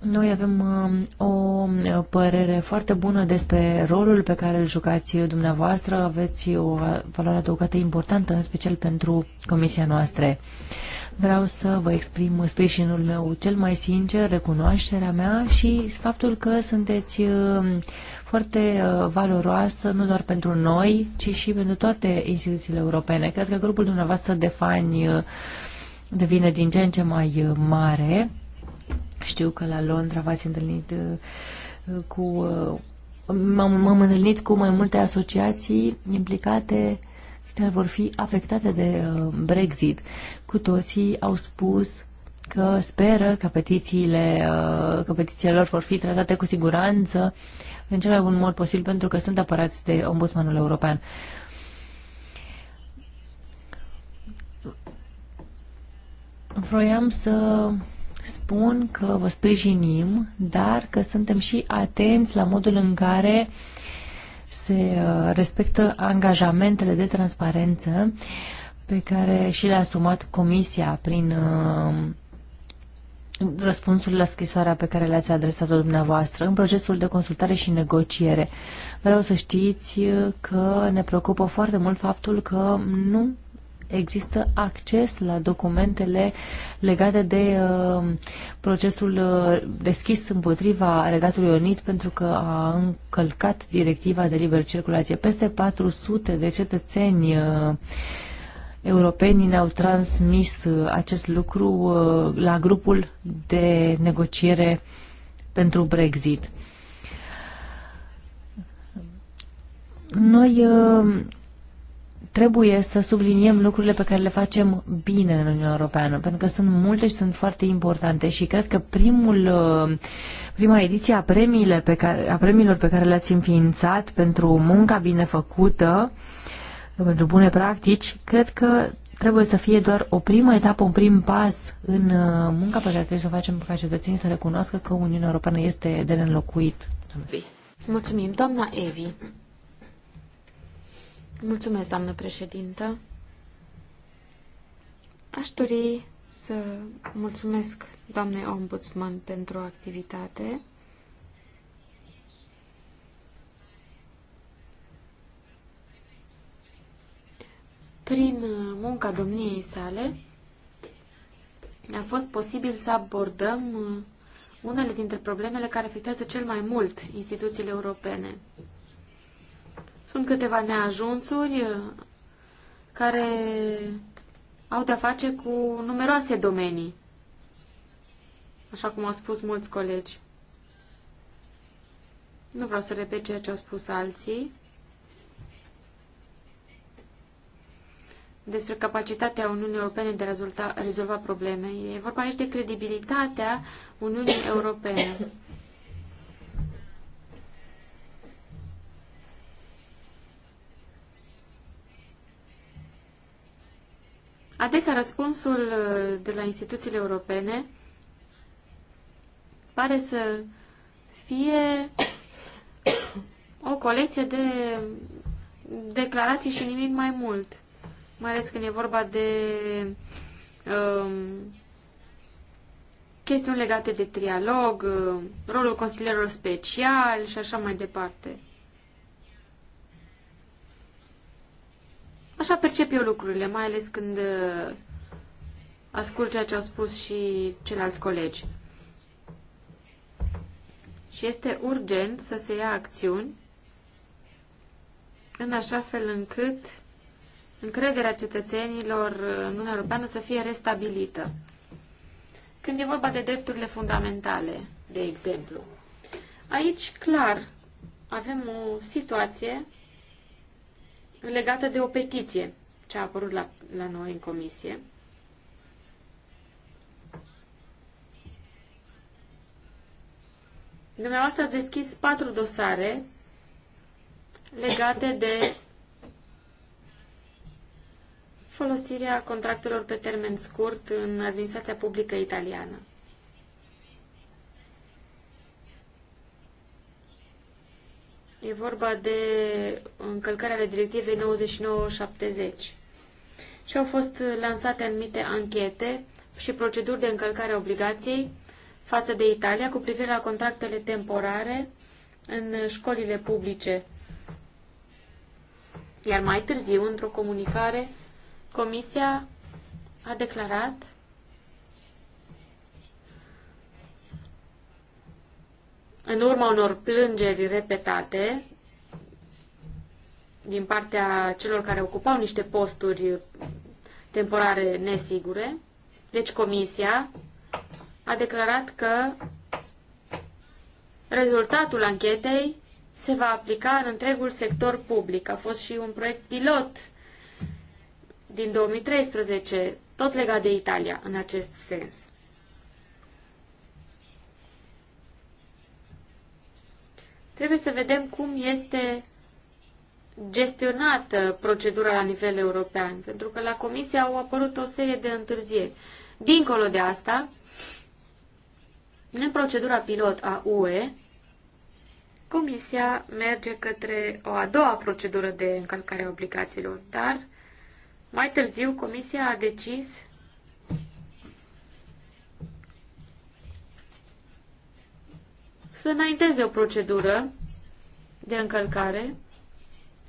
Noi avem uh, o părere foarte bună despre rolul pe care îl jucați dumneavoastră. Aveți o valoare adăugată importantă, în special pentru comisia noastră. Vreau să vă exprim sprijinul meu cel mai sincer, recunoașterea mea și faptul că sunteți uh, foarte uh, valoroasă, nu doar pentru noi, ci și pentru toate instituțiile europene. Cred că grupul dumneavoastră de fani uh, devine din ce în ce mai mare. Știu că la Londra v-ați întâlnit cu... M-am, întâlnit cu mai multe asociații implicate care vor fi afectate de uh, Brexit. Cu toții au spus că speră că petițiile, uh, că petițiile lor vor fi tratate cu siguranță în cel mai bun mod posibil pentru că sunt apărați de Ombudsmanul European. Vroiam să spun că vă sprijinim, dar că suntem și atenți la modul în care uh, se uh, respectă angajamentele de transparență pe care și le-a asumat Comisia prin uh, răspunsul la scrisoarea pe care le-ați adresat-o dumneavoastră în procesul de consultare și negociere. Vreau să știți uh, că ne preocupă foarte mult faptul că nu există acces la documentele legate de uh, procesul uh, deschis împotriva Regatului Unit pentru că a încălcat directiva de liber circulație. Peste 400 de cetățeni uh, europeni ne-au transmis uh, acest lucru uh, la grupul de negociere pentru Brexit. Noi uh, Trebuie să subliniem lucrurile pe care le facem bine în Uniunea Europeană, pentru că sunt multe și sunt foarte importante și cred că primul, uh, prima ediție a, premiile pe care, a premiilor pe care le-ați înființat pentru munca bine făcută, pentru bune practici, cred că trebuie să fie doar o primă etapă, un prim pas în uh, munca pe care trebuie să o facem ca cetățenii să recunoască că Uniunea Europeană este de înlocuit. Mulțumim, doamna Evi. Mulțumesc, doamnă președintă. Aș dori să mulțumesc doamnei ombudsman pentru activitate. Prin munca domniei sale a fost posibil să abordăm unele dintre problemele care afectează cel mai mult instituțiile europene. Sunt câteva neajunsuri uh, care au de-a face cu numeroase domenii, așa cum au spus mulți colegi. Nu vreau să repet ceea ce au spus alții. despre capacitatea Uniunii Europene de a rezolva probleme. E vorba aici de credibilitatea Uniunii Europene. Adesea răspunsul uh, de la instituțiile europene pare să fie o colecție de declarații și nimic mai mult, mai ales când e vorba de um, chestiuni legate de trialog, uh, rolul consilierilor special și așa mai departe. Așa percep eu lucrurile, mai ales când uh, ascult ceea ce au spus și ceilalți colegi. Și este urgent să se ia acțiuni în așa fel încât încrederea cetățenilor în Uniunea Europeană să fie restabilită. Când e vorba de drepturile fundamentale, de exemplu, aici, clar, avem o situație legată de o petiție ce a apărut la, la noi în comisie. Dumneavoastră ați deschis patru dosare legate de folosirea contractelor pe termen scurt în administrația publică italiană. E vorba de încălcarea ale directivei 9970. Și au fost lansate anumite anchete și proceduri de încălcare a obligației față de Italia cu privire la contractele temporare în școlile publice. Iar mai târziu, într-o comunicare, Comisia a declarat în urma unor plângeri repetate din partea celor care ocupau niște posturi temporare nesigure, deci comisia a declarat că rezultatul anchetei se va aplica în întregul sector public. A fost și un proiect pilot din 2013, tot legat de Italia, în acest sens. Trebuie să vedem cum este gestionată procedura la nivel european, pentru că la Comisie au apărut o serie de întârzieri. Dincolo de asta, în procedura pilot a UE, Comisia merge către o a doua procedură de încălcare a obligațiilor, dar mai târziu Comisia a decis să înainteze o procedură de încălcare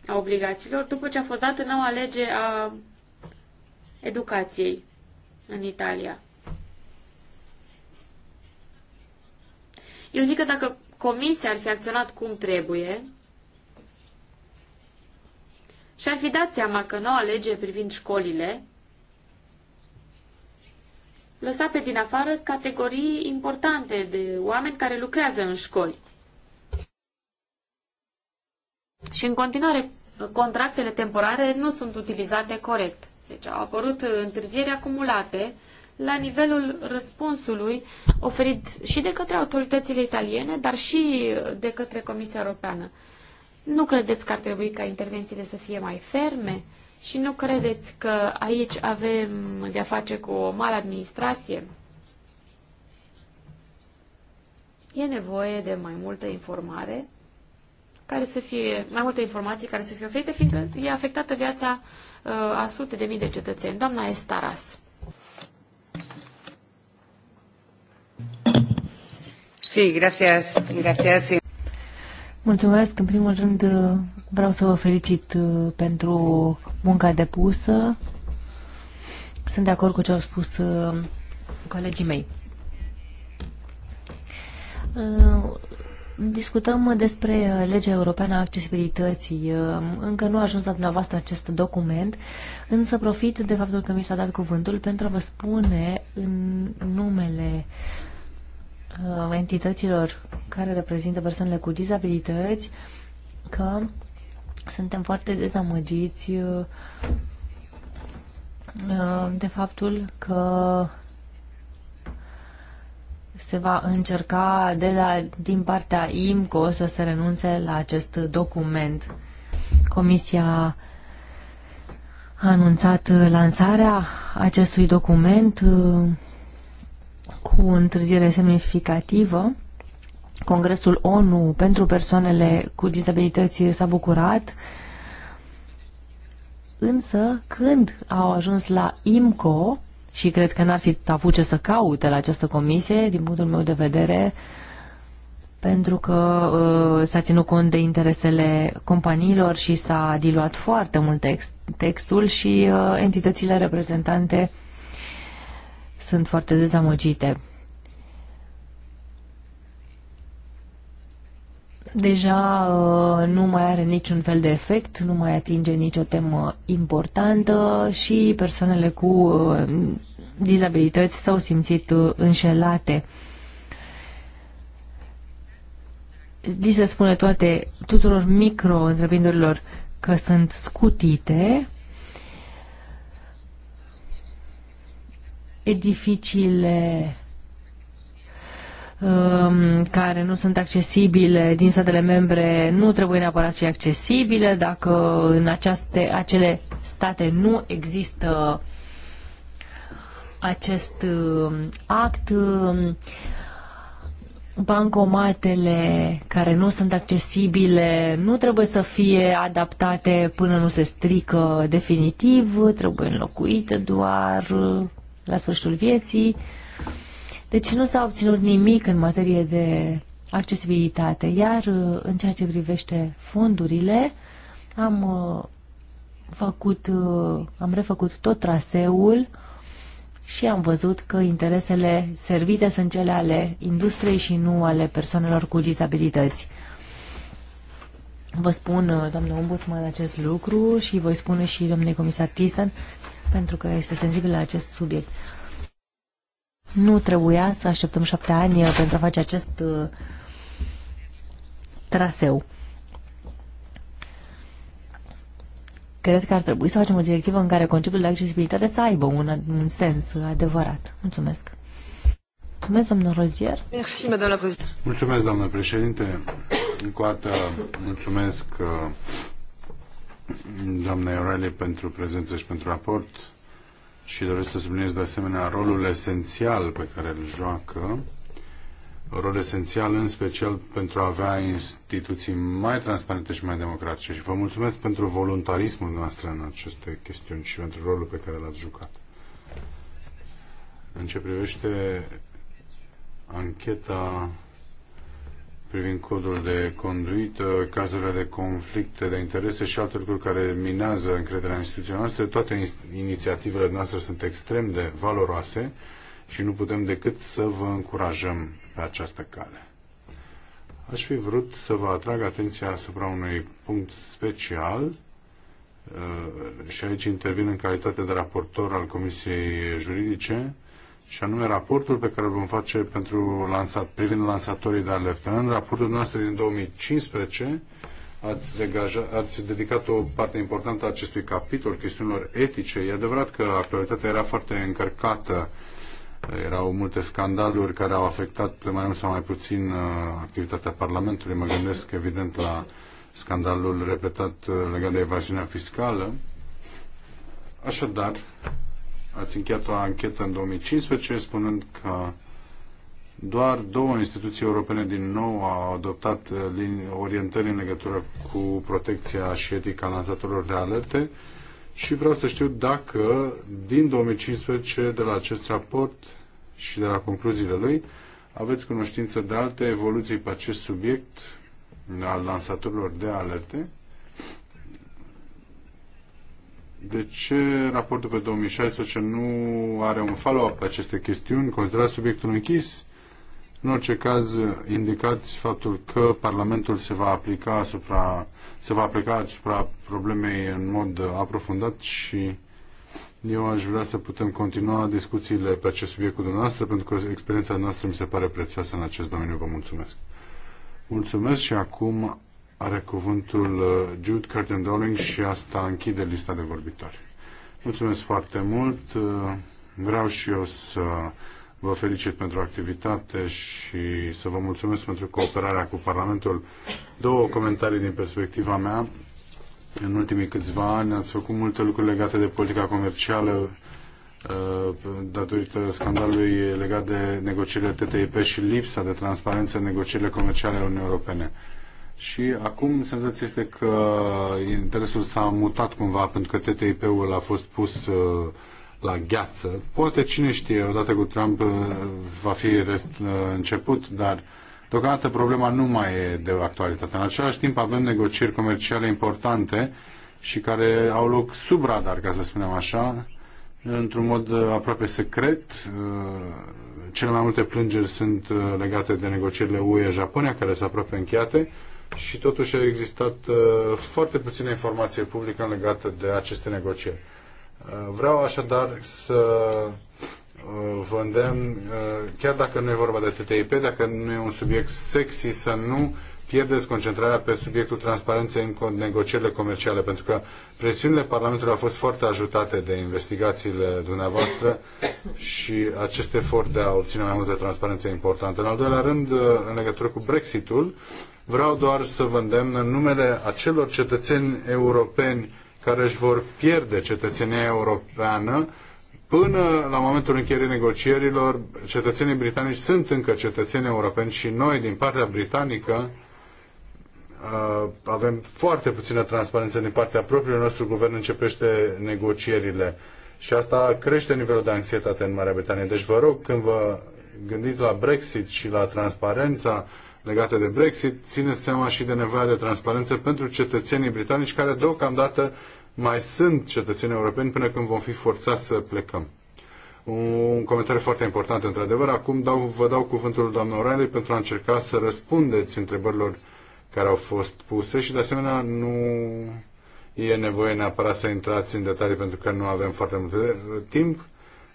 a obligațiilor după ce a fost dată noua lege a educației în Italia. Eu zic că dacă comisia ar fi acționat cum trebuie și ar fi dat seama că noua lege privind școlile lăsate din afară categorii importante de oameni care lucrează în școli. Și în continuare, contractele temporare nu sunt utilizate corect. Deci au apărut întârzieri acumulate la nivelul răspunsului oferit și de către autoritățile italiene, dar și de către Comisia Europeană. Nu credeți că ar trebui ca intervențiile să fie mai ferme? Și nu credeți că aici avem de-a face cu o mare administrație? E nevoie de mai multă informare, care să fie, mai multe informații care să fie oferite, fiindcă e afectată viața uh, a sute de mii de cetățeni. Doamna Estaras. Sí, gracias, gracias. Mulțumesc. În primul rând vreau să vă felicit uh, pentru munca depusă. Sunt de acord cu ce au spus uh, colegii mei. Uh, discutăm despre legea europeană a accesibilității. Încă nu a ajuns la dumneavoastră acest document, însă profit de faptul că mi s-a dat cuvântul pentru a vă spune în numele Uh, entităților care reprezintă persoanele cu dizabilități că suntem foarte dezamăgiți uh, de faptul că se va încerca de la, din partea IMCO să se renunțe la acest document. Comisia a anunțat lansarea acestui document uh, cu întârziere semnificativă. Congresul ONU pentru persoanele cu dizabilități s-a bucurat, însă când au ajuns la IMCO, și cred că n-ar fi avut ce să caute la această comisie, din punctul meu de vedere, pentru că uh, s-a ținut cont de interesele companiilor și s-a diluat foarte mult text, textul și uh, entitățile reprezentante uh, sunt foarte dezamăgite. Deja uh, nu mai are niciun fel de efect, nu mai atinge nicio temă importantă și persoanele cu uh, dizabilități s-au simțit uh, înșelate. Li se spune toate tuturor micro întrebindurilor că sunt scutite edificiile um, care nu sunt accesibile din statele membre nu trebuie neapărat să fie accesibile dacă în aceaste, acele state nu există acest um, act um, bancomatele care nu sunt accesibile nu trebuie să fie adaptate până nu se strică definitiv, trebuie înlocuite doar la sfârșitul vieții. Deci nu s-a obținut nimic în materie de accesibilitate, iar uh, în ceea ce privește fondurile, am uh, făcut, uh, am refăcut tot traseul și am văzut că interesele servite sunt cele ale industriei și nu ale persoanelor cu dizabilități. Vă spun, doamne ombudsman, acest lucru și voi spune și domnule comisar Thyssen pentru că este sensibil la acest subiect. Nu trebuia să așteptăm șapte ani uh, pentru a face acest uh, traseu. Cred că ar trebui să facem o directivă în care conceptul de accesibilitate să aibă un, un sens adevărat. Mulțumesc. Mulțumesc, domnul Rozier. Mulțumesc, doamnă președinte. Încă o dată mulțumesc uh, doamnei O'Reilly pentru prezență și pentru raport și doresc să subliniez de asemenea rolul esențial pe care îl joacă, rol esențial în special pentru a avea instituții mai transparente și mai democratice. Și vă mulțumesc pentru voluntarismul noastră în aceste chestiuni și pentru rolul pe care l-ați jucat. În ce privește ancheta privind codul de conduită, cazurile de conflicte de interese și alte lucruri care minează încrederea instituției noastre, toate inițiativele noastre sunt extrem de valoroase și nu putem decât să vă încurajăm pe această cale. Aș fi vrut să vă atrag atenția asupra unui punct special uh, și aici intervin în calitate de raportor al Comisiei Juridice și anume raportul pe care îl vom face pentru lansat, privind lansatorii de alertă. În raportul nostru din 2015 ați, degaja, ați dedicat o parte importantă a acestui capitol chestiunilor etice. E adevărat că actualitatea era foarte încărcată, erau multe scandaluri care au afectat mai mult sau mai puțin uh, activitatea Parlamentului. Mă gândesc evident la scandalul repetat uh, legat de evaziunea fiscală. Așadar, ați încheiat o anchetă în 2015 spunând că doar două instituții europene din nou au adoptat uh, orientări în legătură cu protecția și etica lansatorilor de alerte și vreau să știu dacă din 2015, de la acest raport și de la concluziile lui, aveți cunoștință de alte evoluții pe acest subiect al lansatorilor de alerte de ce raportul pe 2016 nu are un follow-up pe aceste chestiuni? Considerați subiectul închis? În orice caz, indicați faptul că Parlamentul se va aplica asupra, se va aplica asupra problemei în mod aprofundat și eu aș vrea să putem continua discuțiile pe acest subiect cu dumneavoastră, pentru că experiența noastră mi se pare prețioasă în acest domeniu. Vă mulțumesc! Mulțumesc și acum are cuvântul uh, Jude Curtin Dowling și asta închide lista de vorbitori. Mulțumesc foarte mult. Uh, vreau și eu să vă felicit pentru activitate și să vă mulțumesc pentru cooperarea cu Parlamentul. Două comentarii din perspectiva mea. În ultimii câțiva ani ați făcut multe lucruri legate de politica comercială uh, datorită scandalului legat de negocierile TTIP și lipsa de transparență în negocierile comerciale ale Uniunii Europene. Și acum senzația este că interesul s-a mutat cumva pentru că TTIP-ul a fost pus uh, la gheață. Poate cine știe, odată cu Trump uh, va fi rest, uh, început, dar deocamdată problema nu mai e de actualitate. În același timp avem negocieri comerciale importante și care au loc sub radar, ca să spunem așa, într-un mod aproape secret. Cele mai multe plângeri sunt legate de negocierile UE-Japonia, care sunt aproape încheiate și totuși a existat uh, foarte puține informații publice legate de aceste negocieri. Uh, vreau așadar să uh, vă îndemn, chiar dacă nu e vorba de TTIP, dacă nu e un subiect sexy, să nu pierdeți concentrarea pe subiectul transparenței în negocierile comerciale, pentru că presiunile Parlamentului au fost foarte ajutate de investigațiile dumneavoastră și acest efort de a obține mai multă transparență e important. În al doilea rând, în legătură cu Brexitul, vreau doar să vă îndemn în numele acelor cetățeni europeni care își vor pierde cetățenia europeană Până la momentul încheierii negocierilor, cetățenii britanici sunt încă cetățeni europeni și noi, din partea britanică, Uh, avem foarte puțină transparență din partea propriului nostru guvern începește negocierile și asta crește nivelul de anxietate în Marea Britanie. Deci vă rog, când vă gândiți la Brexit și la transparența legată de Brexit, țineți seama și de nevoia de transparență pentru cetățenii britanici care deocamdată mai sunt cetățeni europeni până când vom fi forțați să plecăm. Un comentariu foarte important, într-adevăr. Acum dau, vă dau cuvântul doamnei O'Reilly pentru a încerca să răspundeți întrebărilor care au fost puse și de asemenea nu e nevoie neapărat să intrați în detalii pentru că nu avem foarte mult eh, timp,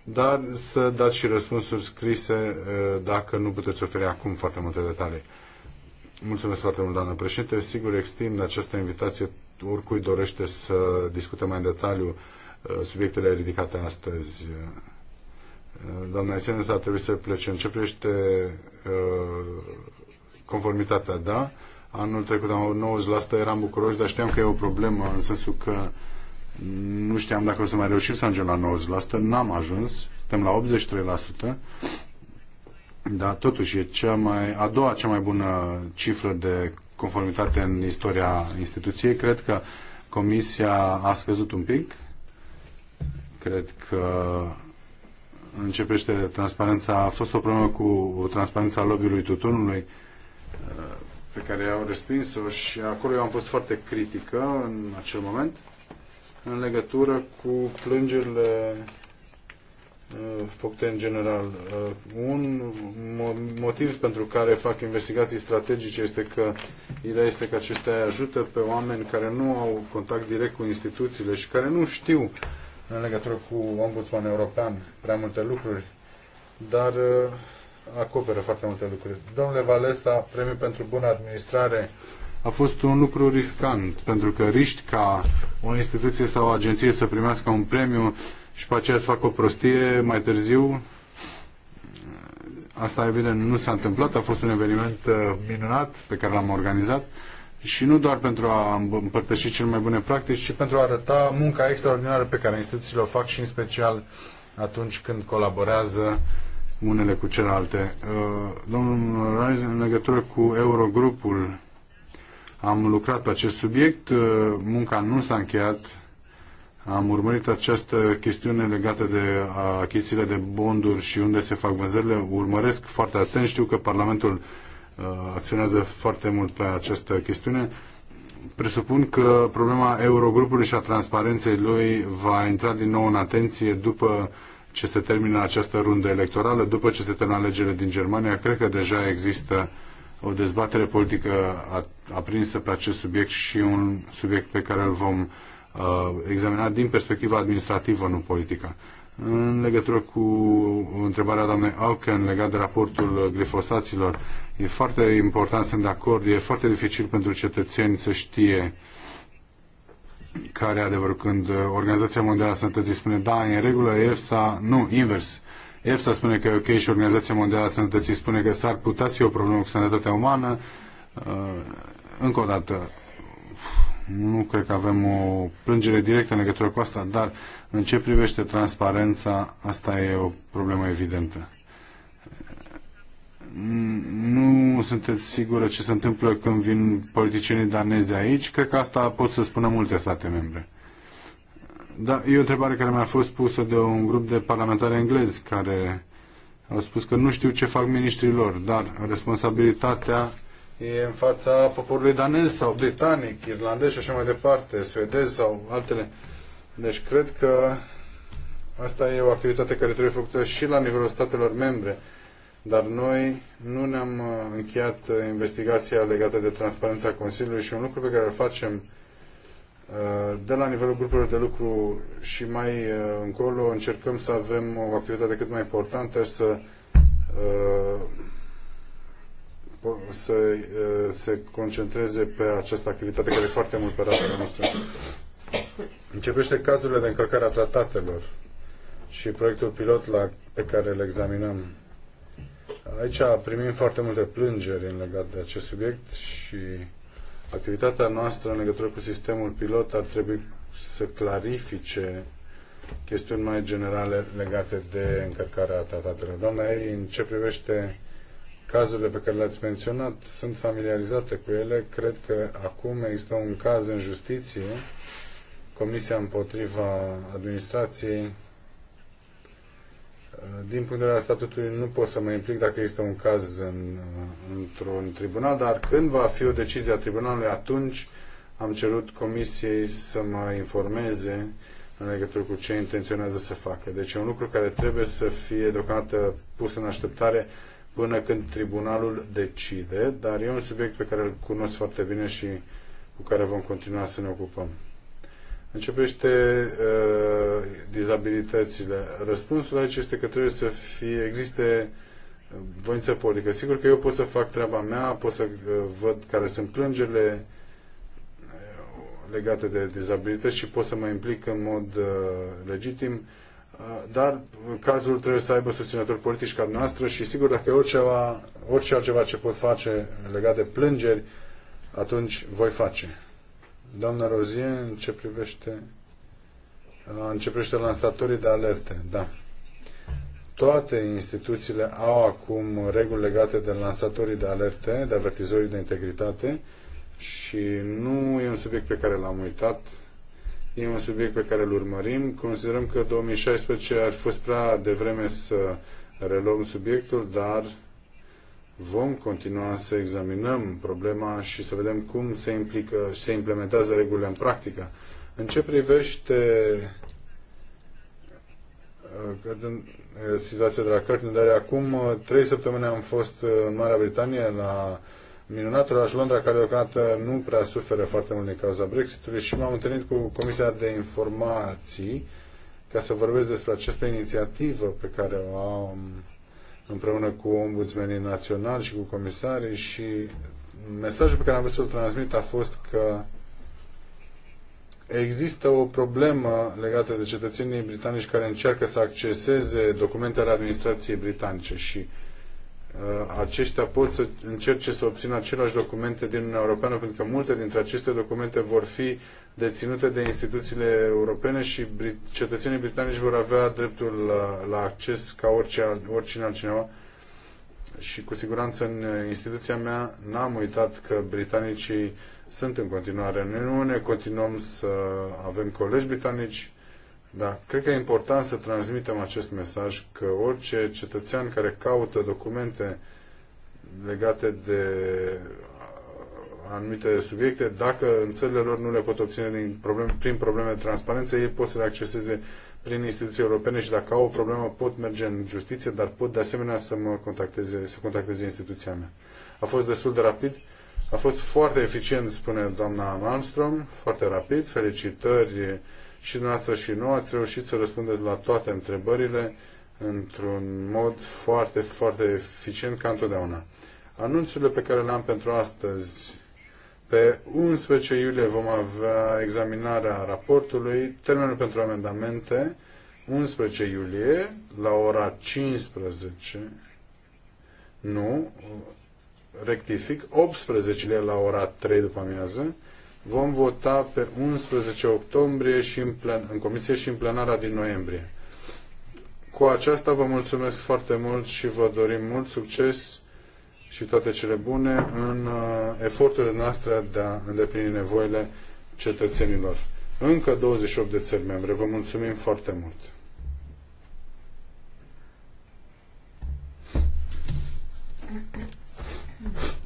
dar să dați și răspunsuri scrise eh, dacă nu puteți oferi acum foarte multe detalii. Mulțumesc foarte mult, doamnă președinte. Sigur, extind această invitație oricui dorește să discute mai în detaliu eh, subiectele ridicate astăzi. Doamna Esenes ar trebui să plece. Începește conformitatea, da? Anul trecut am avut 90%, eram bucuroși, dar știam că e o problemă, în sensul că nu știam dacă o să mai reușim să ajungem la 90%, n-am ajuns, suntem la 83%, dar totuși e cea mai, a doua cea mai bună cifră de conformitate în istoria instituției. Cred că comisia a scăzut un pic, cred că începește transparența, a fost o problemă cu transparența lobby-ului tutunului, pe care au respins-o și acolo eu am fost foarte critică în acel moment în legătură cu plângerile uh, făcute în general. Uh, un motiv pentru care fac investigații strategice este că ideea este că acestea ajută pe oameni care nu au contact direct cu instituțiile și care nu știu în legătură cu Ombudsman European prea multe lucruri. Dar uh, acoperă foarte multe lucruri. Domnule Valesa, premiul pentru bună administrare a fost un lucru riscant, pentru că riști ca o instituție sau o agenție să primească un premiu și pe aceea să facă o prostie mai târziu. Asta evident nu s-a întâmplat, a fost un eveniment uh, minunat pe care l-am organizat și nu doar pentru a împărtăși cele mai bune practici, ci pentru a arăta munca extraordinară pe care instituțiile o fac și în special atunci când colaborează unele cu celelalte. Uh, domnul Reis, în legătură cu Eurogrupul, am lucrat pe acest subiect, uh, munca nu s-a încheiat, am urmărit această chestiune legată de achizițiile de bonduri și unde se fac vânzările, urmăresc foarte atent, știu că Parlamentul uh, acționează foarte mult pe această chestiune. Presupun că problema Eurogrupului și a transparenței lui va intra din nou în atenție după uh, ce se termină această rundă electorală, după ce se termină alegerile din Germania, cred că deja există o dezbatere politică aprinsă pe acest subiect și un subiect pe care îl vom uh, examina din perspectiva administrativă, nu politică. În legătură cu întrebarea doamnei Auken legat de raportul glifosaților, e foarte important, sunt de acord, e foarte dificil pentru cetățeni să știe uh, care adevărul când uh, Organizația Mondială a Sănătății spune da, e în regulă, EFSA, nu, invers. EFSA spune că e ok și Organizația Mondială a Sănătății spune că s-ar putea să fie o problemă cu sănătatea umană. Uh, încă o dată, nu cred că avem o plângere directă în legătură cu asta, dar în ce privește transparența, asta e o problemă evidentă nu sunteți sigură ce se întâmplă când vin politicienii danezi aici. Cred că asta pot să spună multe state membre. Da, e o întrebare care mi-a fost pusă de un grup de parlamentari englezi care au spus că nu știu ce fac ministrii lor, dar responsabilitatea e în fața poporului danez sau britanic, irlandez și așa mai departe, suedez sau altele. Deci cred că asta e o activitate care trebuie făcută și la nivelul statelor membre dar noi nu ne-am uh, încheiat uh, investigația legată de transparența Consiliului și un lucru pe care îl facem uh, de la nivelul grupurilor de lucru și mai încolo încercăm să avem o activitate cât mai importantă, să să se concentreze pe această activitate care e foarte mult pe rata noastră. Începește cazurile de încălcare a tratatelor și proiectul pilot la, pe care îl examinăm Aici primim foarte multe plângeri în legat de acest subiect și activitatea noastră în legătură cu sistemul pilot ar trebui să clarifice chestiuni mai generale legate de încărcarea tratatelor. Doamna Eri, în ce privește cazurile pe care le-ați menționat, sunt familiarizate cu ele. Cred că acum există un caz în justiție, Comisia împotriva administrației din punct de vedere al statutului nu pot să mă implic dacă este un caz în, într-un tribunal, dar când va fi o decizie a tribunalului, atunci am cerut comisiei să mă informeze în legătură cu ce intenționează să facă. Deci e un lucru care trebuie să fie deocamdată pus în așteptare până când tribunalul decide, dar e un subiect pe care îl cunosc foarte bine și cu care vom continua să ne ocupăm. Începește uh, dizabilitățile. Răspunsul aici este că trebuie să fie, existe uh, voință politică. Sigur că eu pot să fac treaba mea, pot să uh, văd care sunt plângerile uh, legate de dizabilități și pot să mă implic în mod uh, legitim, uh, dar cazul trebuie să aibă susținători politici ca noastră și sigur dacă e orice, orice altceva ce pot face legat de plângeri, atunci voi face. Doamna Rozie, în ce privește în ce privește lansatorii de alerte, da. Toate instituțiile au acum reguli legate de lansatorii de alerte, de avertizorii de integritate și nu e un subiect pe care l-am uitat. E un subiect pe care îl urmărim. Considerăm că 2016 ar fost prea devreme să reluăm subiectul, dar Vom continua să examinăm problema și să vedem cum se implică și se implementează regulile în practică. În ce privește uh, uh, situația de la Curtin, dar acum uh, trei săptămâni am fost în Marea Britanie la minunatul oraș Londra, care deocamdată nu prea suferă foarte mult din cauza Brexitului și m-am întâlnit cu Comisia de Informații ca să vorbesc despre această inițiativă pe care o am împreună cu ombudsmenii naționali și cu comisarii și mesajul pe care am vrut să-l transmit a fost că există o problemă legată de cetățenii britanici care încearcă să acceseze documentele administrației britanice și Uh, aceștia pot să încerce să obțină aceleași documente din Uniunea Europeană, pentru că multe dintre aceste documente vor fi deținute de instituțiile europene și cetățenii britanici vor avea dreptul la, la acces ca orice, oricine altcineva. Și cu siguranță în instituția mea n-am uitat că britanicii sunt în continuare în Uniune, continuăm să avem colegi britanici, da, cred că e important să transmitem acest mesaj că orice cetățean care caută documente legate de uh, anumite subiecte, dacă în țările lor nu le pot obține din probleme, prin probleme de transparență, ei pot să le acceseze prin instituții europene și dacă au o problemă pot merge în justiție, dar pot de asemenea să mă contacteze, să contacteze instituția mea. A fost destul de rapid, a fost foarte eficient, spune doamna Malmström, foarte rapid, felicitări și dumneavoastră și nu ați reușit să răspundeți la toate întrebările într-un mod foarte, foarte eficient ca întotdeauna. Anunțurile pe care le-am pentru astăzi pe 11 iulie vom avea examinarea raportului, termenul pentru amendamente 11 iulie la ora 15. Nu, rectific, 18 iulie la ora 3 după amiază Vom vota pe 11 octombrie și în, plen, în comisie și în plenara din noiembrie. Cu aceasta vă mulțumesc foarte mult și vă dorim mult succes și toate cele bune în uh, eforturile noastre de a îndeplini nevoile cetățenilor. Încă 28 de țări membre. Vă mulțumim foarte mult! Thank you.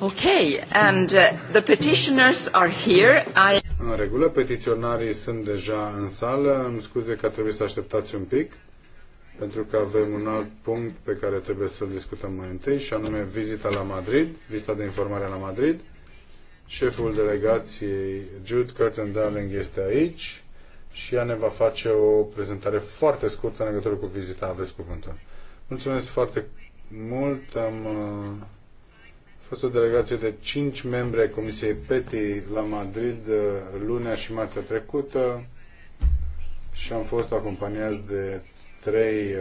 Okay, and uh, the petitioners are here. I... În regulă, petiționarii sunt deja în sală. Îmi scuze că trebuie să așteptați un pic, pentru că avem un alt punct pe care trebuie să-l discutăm mai întâi, și anume vizita la Madrid, vizita de informare la Madrid. Șeful delegației Jude Curtin Darling este aici și ea ne va face o prezentare foarte scurtă în legătură cu vizita. Aveți cuvântul. Mulțumesc foarte mult. Am... Uh a fost o delegație de cinci membri ai Comisiei PETI la Madrid uh, lunea și marțea trecută și am fost acompaniați de trei uh,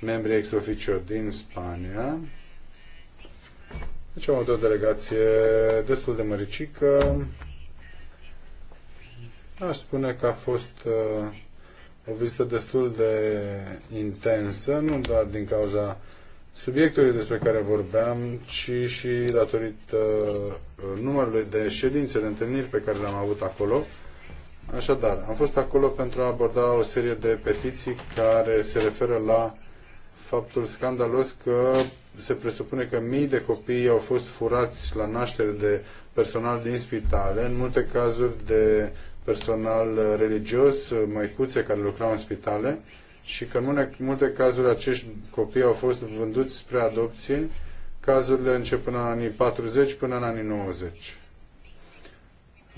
membri ex officio din Spania. Deci am avut o delegație destul de măricică. Aș spune că a fost uh, o vizită destul de intensă, nu doar din cauza subiectului despre care vorbeam, ci și datorită uh, numărului de ședințe, de întâlniri pe care le-am avut acolo. Așadar, am fost acolo pentru a aborda o serie de petiții care se referă la faptul scandalos că se presupune că mii de copii au fost furați la naștere de personal din spitale, în multe cazuri de personal religios, măicuțe care lucrau în spitale, și că în multe cazuri acești copii au fost vânduți spre adopție, cazurile încep în anii 40 până în anii 90.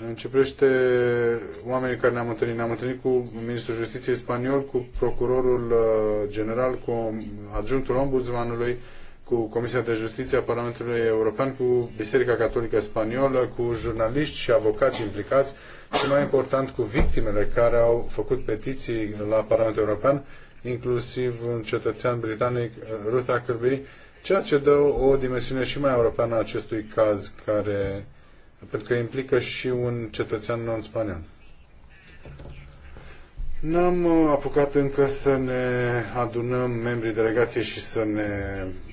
Începește oamenii care ne-am întâlnit. Ne-am întâlnit cu Ministrul Justiției Spaniol, cu Procurorul uh, General, cu Adjunctul Ombudsmanului, cu Comisia de Justiție a Parlamentului European, cu Biserica Catolică Spaniolă, cu jurnaliști și avocați implicați și, mai important, cu victimele care au făcut petiții la Parlamentul European inclusiv un cetățean britanic, uh, Ruth Ackerby, ceea ce dă o dimensiune și mai europeană acestui caz, care, pentru că implică și un cetățean non-spaniol. N-am uh, apucat încă să ne adunăm membrii delegației și să ne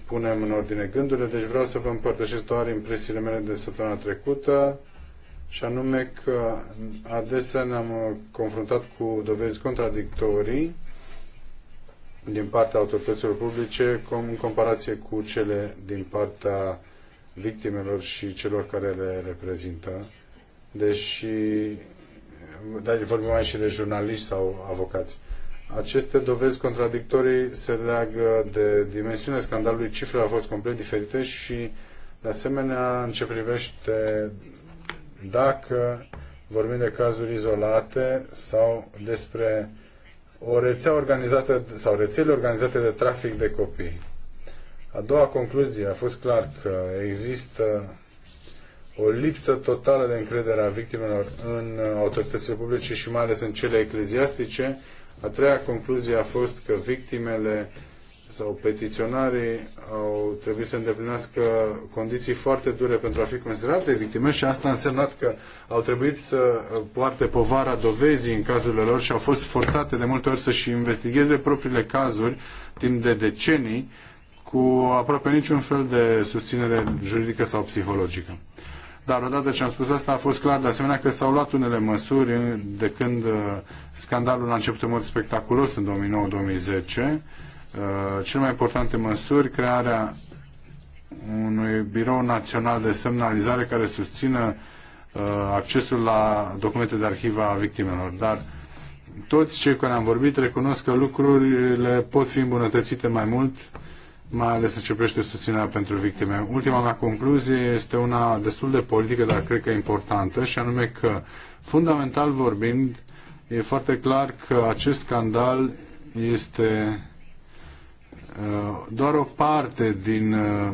punem în ordine gândurile, deci vreau să vă împărtășesc doar impresiile mele de săptămâna trecută, și anume că adesea ne-am uh, confruntat cu dovezi contradictorii din partea autorităților publice în comparație cu cele din partea victimelor și celor care le reprezintă. Deși, da, vorbim mai și de jurnaliști sau avocați. Aceste dovezi contradictorii se leagă de dimensiunea scandalului, cifrele au fost complet diferite și, de asemenea, în ce privește dacă vorbim de cazuri izolate sau despre o rețea organizată sau rețele organizate de trafic de copii. A doua concluzie a fost clar că există o lipsă totală de încredere a victimelor în autoritățile publice și mai ales în cele ecleziastice. A treia concluzie a fost că victimele sau petiționarii au trebuit să îndeplinească condiții foarte dure pentru a fi considerate victime și asta a însemnat că au trebuit să poarte povara dovezii în cazurile lor și au fost forțate de multe ori să-și investigheze propriile cazuri timp de decenii cu aproape niciun fel de susținere juridică sau psihologică. Dar odată ce am spus asta, a fost clar de asemenea că s-au luat unele măsuri de când uh, scandalul a început în mod spectaculos în 2009-2010 Uh, cele mai importante măsuri, crearea unui birou național de semnalizare care susțină uh, accesul la documente de arhivă a victimelor. Dar toți cei care am vorbit recunosc că lucrurile pot fi îmbunătățite mai mult, mai ales în ce privește susținerea pentru victime. Ultima mea concluzie este una destul de politică, dar cred că importantă, și anume că, fundamental vorbind, e foarte clar că acest scandal este Uh, doar o parte din uh,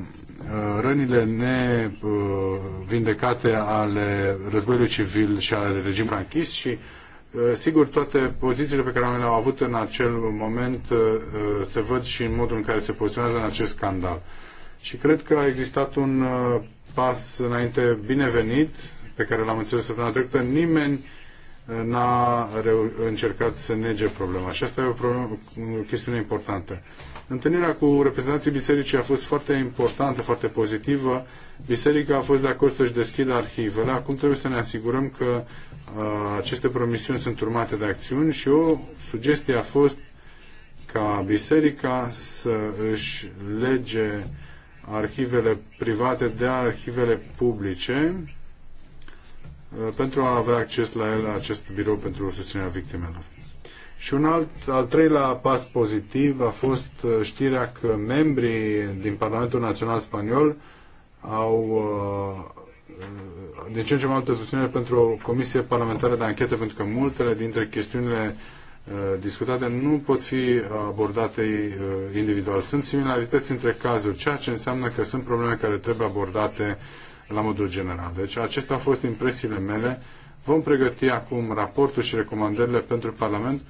uh, rănile nevindecate ale războiului civil și ale regimului franchist și Sigur, toate pozițiile pe care le-au avut în acel moment se văd și în modul în care se poziționează în acest scandal. Și cred că a existat un pas înainte binevenit, pe care l-am înțeles săptămâna trecută. Nimeni n-a încercat să nege problema. Și asta e o, problemă, o chestiune importantă. Întâlnirea cu reprezentanții bisericii a fost foarte importantă, foarte pozitivă. Biserica a fost de acord să-și deschidă arhivele. Acum trebuie să ne asigurăm că a, uh, aceste promisiuni sunt urmate de acțiuni și o sugestie a fost ca biserica să își lege arhivele private de arhivele publice Uh, pentru a avea acces la el, la acest birou pentru susținerea victimelor. Și un alt, al treilea pas pozitiv a fost uh, știrea că membrii din Parlamentul Național Spaniol au uh, din ce în ce mai multe susținere pentru o comisie parlamentară de anchetă, pentru că multele dintre chestiunile discutate nu pot fi abordate individual. Sunt similarități între cazuri, ceea ce înseamnă că sunt probleme care trebuie abordate uh, la modul general. Deci acestea au fost impresiile mele. Vom pregăti acum raportul și recomandările pentru Parlament.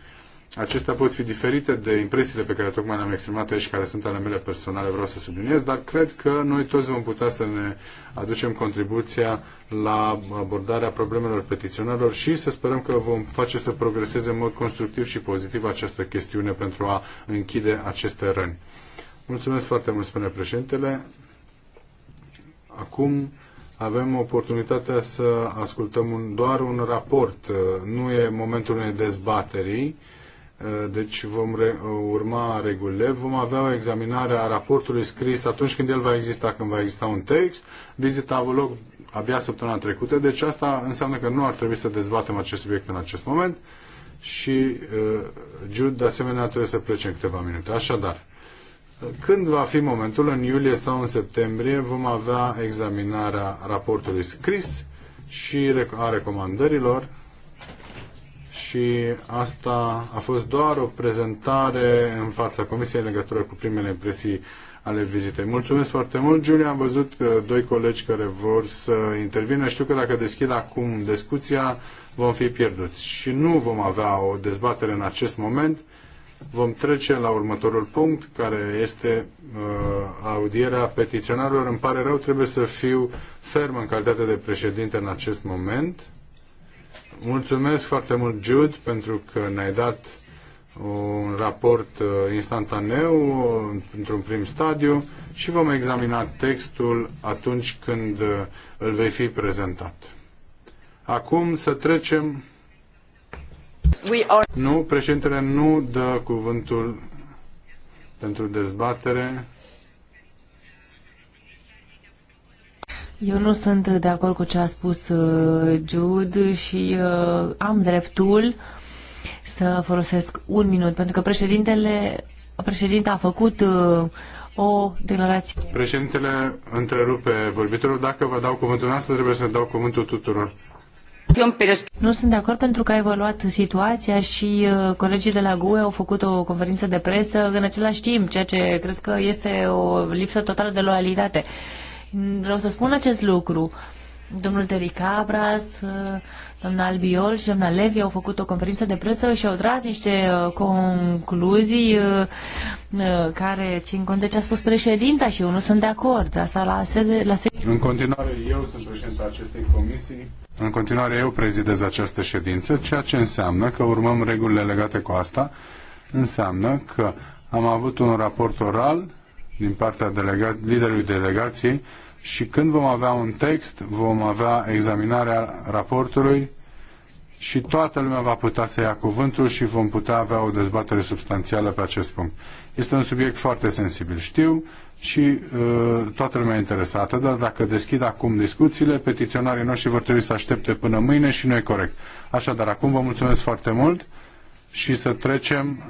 Acestea pot fi diferite de impresiile pe care tocmai le-am exprimat aici, care sunt ale mele personale, vreau să subliniez, dar cred că noi toți vom putea să ne aducem contribuția la abordarea problemelor petiționarilor și să sperăm că vom face să progreseze în mod constructiv și pozitiv această chestiune pentru a închide aceste răni. Mulțumesc foarte mult, spune președintele. Acum avem oportunitatea să ascultăm un, doar un raport, nu e momentul unei dezbaterii, uh, deci vom re, uh, urma regulile, vom avea o examinare a raportului scris atunci când el va exista, când va exista un text, vizita a avut loc abia săptămâna trecută, deci asta înseamnă că nu ar trebui să dezbatem acest subiect în acest moment și uh, Jude, de asemenea, trebuie să plece în câteva minute. Așadar, când va fi momentul, în iulie sau în septembrie, vom avea examinarea raportului scris și a recomandărilor și asta a fost doar o prezentare în fața Comisiei în legătură cu primele impresii ale vizitei. Mulțumesc foarte mult, Giulia. Am văzut doi colegi care vor să intervină. Știu că dacă deschid acum discuția, vom fi pierduți și nu vom avea o dezbatere în acest moment Vom trece la următorul punct, care este uh, audierea petiționarilor. Îmi pare rău, trebuie să fiu ferm în calitate de președinte în acest moment. Mulțumesc foarte mult, Jude, pentru că ne-ai dat un raport uh, instantaneu uh, într-un prim stadiu și vom examina textul atunci când uh, îl vei fi prezentat. Acum să trecem nu, președintele nu dă cuvântul pentru dezbatere. Eu nu sunt de acord cu ce a spus uh, Jude și uh, am dreptul să folosesc un minut, pentru că președintele președinte a făcut uh, o declarație. Președintele întrerupe vorbitorul. Dacă vă dau cuvântul noastră, trebuie să dau cuvântul tuturor. Nu sunt de acord pentru că a evoluat situația și uh, colegii de la GUE au făcut o conferință de presă în același timp, ceea ce cred că este o lipsă totală de loialitate. Vreau să spun acest lucru. Domnul Tericabras, uh, domnul Albiol și domnul Levi au făcut o conferință de presă și au tras niște uh, concluzii uh, care țin cont de ce a spus președinta și eu nu sunt de acord. Asta la sede, la sede... În continuare eu sunt președinta acestei comisii. În continuare eu prezidez această ședință, ceea ce înseamnă că urmăm regulile legate cu asta. Înseamnă că am avut un raport oral din partea delega- liderului delegației și când vom avea un text, vom avea examinarea raportului și toată lumea va putea să ia cuvântul și vom putea avea o dezbatere substanțială pe acest punct. Este un subiect foarte sensibil, știu, și uh, toată lumea e interesată, dar dacă deschid acum discuțiile, petiționarii noștri vor trebui să aștepte până mâine și nu e corect. Așadar, acum vă mulțumesc foarte mult și să trecem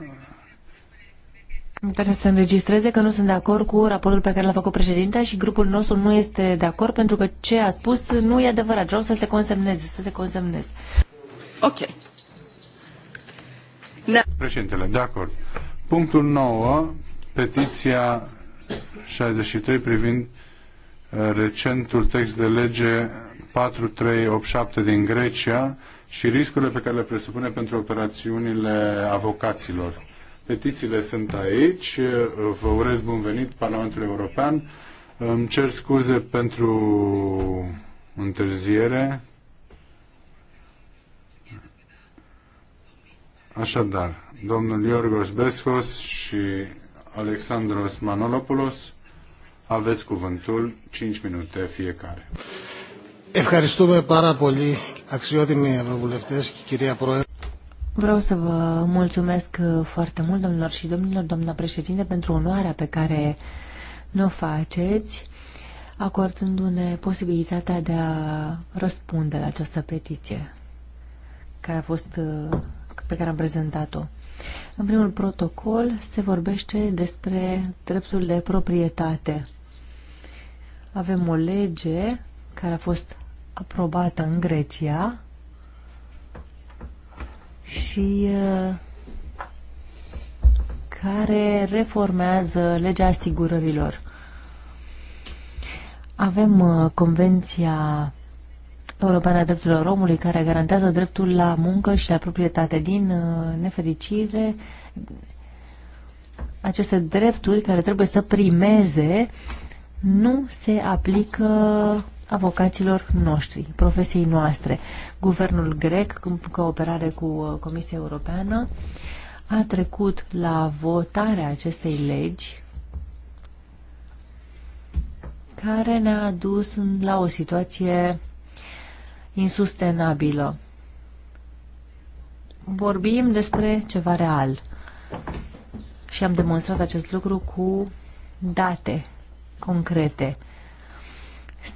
Trebuie să înregistreze că nu sunt de acord cu raportul pe care l-a făcut președintea și grupul nostru nu este de acord pentru că ce a spus nu e adevărat. Vreau să se consemneze, să se consemneze. Ok. Da. Președintele, de acord. Punctul 9, petiția 63 privind uh, recentul text de lege 4387 din Grecia și riscurile pe care le presupune pentru operațiunile avocaților. Petițiile sunt aici. Vă urez bun venit Parlamentului European. Îmi cer scuze pentru întârziere. Așadar, domnul Iorgos Beschos și Alexandros Manolopoulos, aveți cuvântul 5 minute fiecare. Ευχαριστούμε πάρα πολύ αξιότιμοι ευρωβουλευτές και κυρία Πρόεδρε. Vreau să vă mulțumesc uh, foarte mult, domnilor și domnilor, doamna președinte, pentru onoarea pe care ne-o faceți, acordându-ne posibilitatea de a răspunde la această petiție care a fost, uh, pe care am prezentat-o. În primul protocol se vorbește despre dreptul de proprietate. Avem o lege care a fost aprobată în Grecia, și uh, care reformează legea asigurărilor. Avem uh, Convenția Europeană a Drepturilor Omului care garantează dreptul la muncă și la proprietate. Din uh, nefericire, aceste drepturi care trebuie să primeze nu se aplică avocaților noștri, profesiei noastre. Guvernul grec, în cooperare cu uh, Comisia Europeană, a trecut la votarea acestei legi care ne-a dus la o situație insustenabilă. Vorbim despre ceva real și am demonstrat acest lucru cu date concrete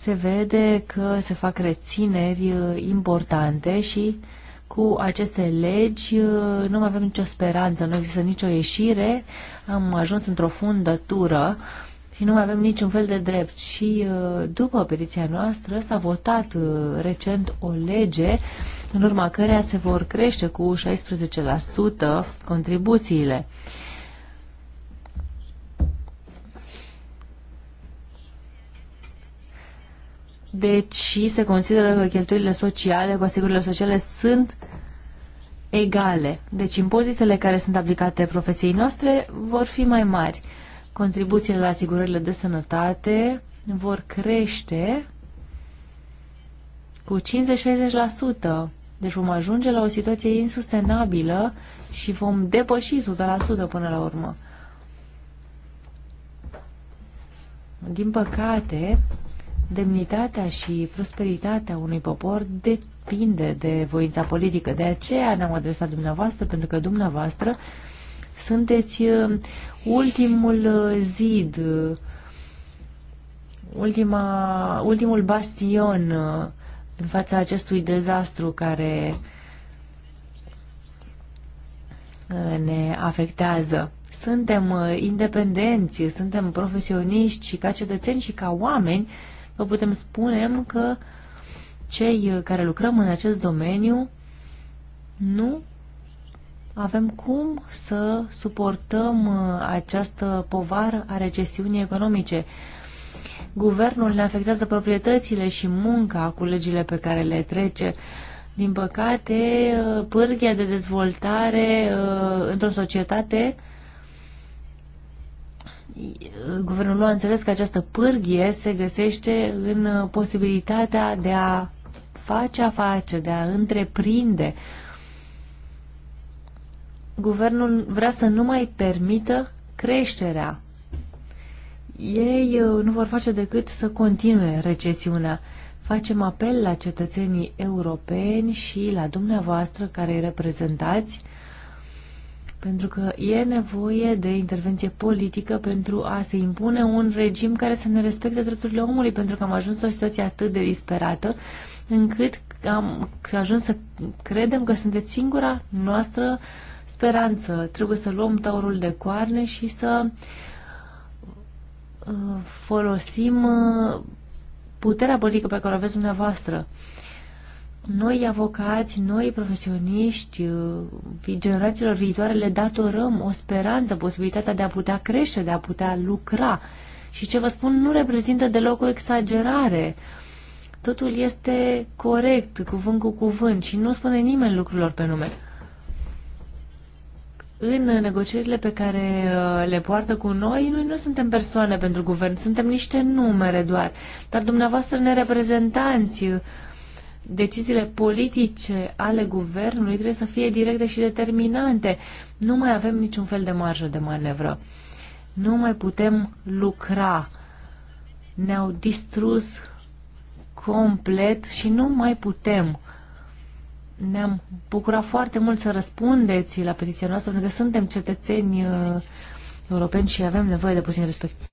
se vede că se fac rețineri uh, importante și cu aceste legi uh, nu mai avem nicio speranță, nu există nicio ieșire, am ajuns într-o fundătură și nu mai avem niciun fel de drept. Și uh, după petiția noastră s-a votat recent o lege în urma căreia se vor crește cu 16% contribuțiile. deci se consideră că cheltuielile sociale cu asigurările sociale sunt egale. Deci impozitele care sunt aplicate profesiei noastre vor fi mai mari. Contribuțiile la asigurările de sănătate vor crește cu 50-60%. Deci vom ajunge la o situație insustenabilă și vom depăși 100% până la urmă. Din păcate, Demnitatea și prosperitatea unui popor depinde de voința politică. De aceea ne-am adresat dumneavoastră, pentru că dumneavoastră sunteți uh, ultimul uh, zid, uh, ultima, ultimul bastion în fața acestui dezastru care ne afectează. Suntem independenți, suntem profesioniști și ca cetățeni și ca oameni vă putem spune că cei care lucrăm în acest domeniu nu avem cum să suportăm uh, această povară a recesiunii economice. Guvernul ne afectează proprietățile și munca cu legile pe care le trece. Din păcate, uh, pârghia de dezvoltare uh, într-o societate guvernul a înțeles că această pârghie se găsește în uh, posibilitatea de a face afaceri, de a întreprinde. Guvernul vrea să nu mai permită creșterea. Ei uh, nu vor face decât să continue recesiunea. Facem apel la cetățenii europeni și la dumneavoastră care îi reprezentați pentru că e nevoie de intervenție politică pentru a se impune un regim care să ne respecte drepturile omului, pentru că am ajuns o situație atât de disperată încât am ajuns să credem că sunteți singura noastră speranță. Trebuie să luăm taurul de coarne și să uh, folosim uh, puterea politică pe care o aveți dumneavoastră noi avocați, noi profesioniști, uh, generațiilor viitoare le datorăm o speranță, posibilitatea de a putea crește, de a putea lucra. Și ce vă spun nu reprezintă deloc o exagerare. Totul este corect, cuvânt cu cuvânt și nu spune nimeni lucrurilor pe nume. În negocierile pe care uh, le poartă cu noi, noi nu suntem persoane pentru guvern, suntem niște numere doar. Dar dumneavoastră ne reprezentanți, uh, deciziile politice ale guvernului trebuie să fie directe și determinante. Nu mai avem niciun fel de marjă de manevră. Nu mai putem lucra. Ne-au distrus complet și nu mai putem. Ne-am bucurat foarte mult să răspundeți la petiția noastră, pentru că suntem cetățeni uh, europeni și avem nevoie de puțin respect.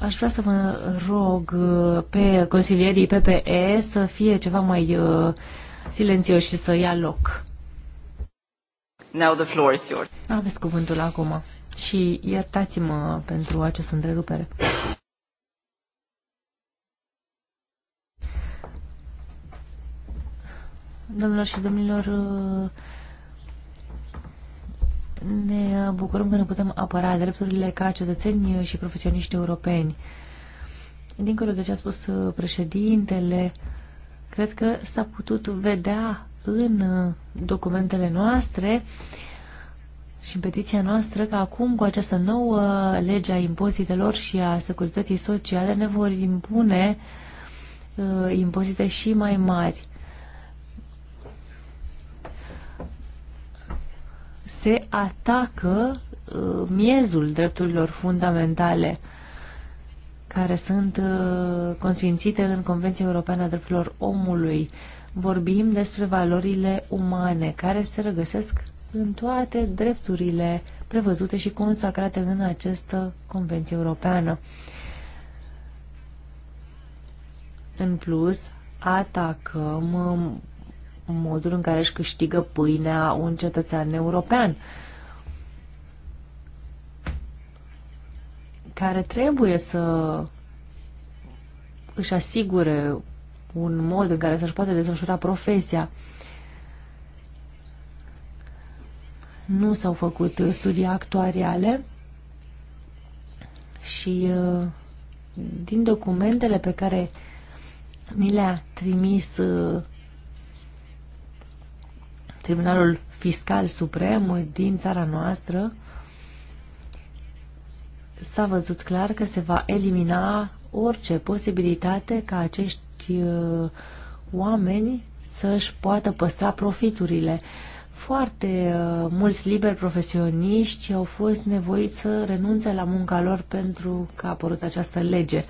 Aș vrea să vă rog uh, pe consilierii PPE să fie ceva mai uh, silențios și să ia loc. Now the floor is yours. Aveți cuvântul acum și iertați-mă pentru această întrerupere. Domnilor și domnilor, uh, ne bucurăm că ne putem apăra drepturile ca cetățeni și profesioniști europeni. Dincolo de ce a spus președintele, cred că s-a putut vedea în documentele noastre și în petiția noastră că acum cu această nouă lege a impozitelor și a securității sociale ne vor impune uh, impozite și mai mari. se atacă uh, miezul drepturilor fundamentale care sunt uh, consfințite în Convenția Europeană a Drepturilor Omului. Vorbim despre valorile umane care se regăsesc în toate drepturile prevăzute și consacrate în această Convenție Europeană. În plus, atacăm um, modul în care își câștigă pâinea un cetățean european care trebuie să își asigure un mod în care să-și poată desfășura profesia. Nu s-au făcut studii actuariale și uh, din documentele pe care ni le-a trimis uh, Tribunalul Fiscal Suprem din țara noastră s-a văzut clar că se va elimina orice posibilitate ca acești uh, oameni să-și poată păstra profiturile. Foarte uh, mulți liberi profesioniști au fost nevoiți să renunțe la munca lor pentru că a apărut această lege.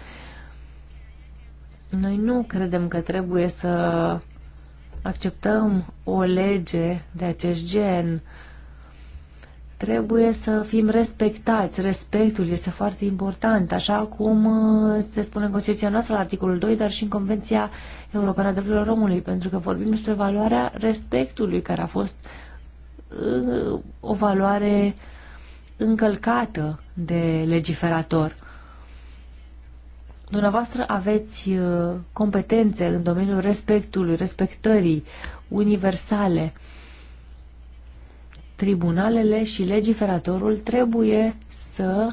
Noi nu credem că trebuie să acceptăm o lege de acest gen. Trebuie să fim respectați. Respectul este foarte important, așa cum uh, se spune în Constituția noastră la articolul 2, dar și în Convenția Europeană a Drepturilor Omului, pentru că vorbim despre valoarea respectului, care a fost uh, o valoare încălcată de legiferator. Dumneavoastră aveți uh, competențe în domeniul respectului, respectării universale. Tribunalele și legiferatorul trebuie să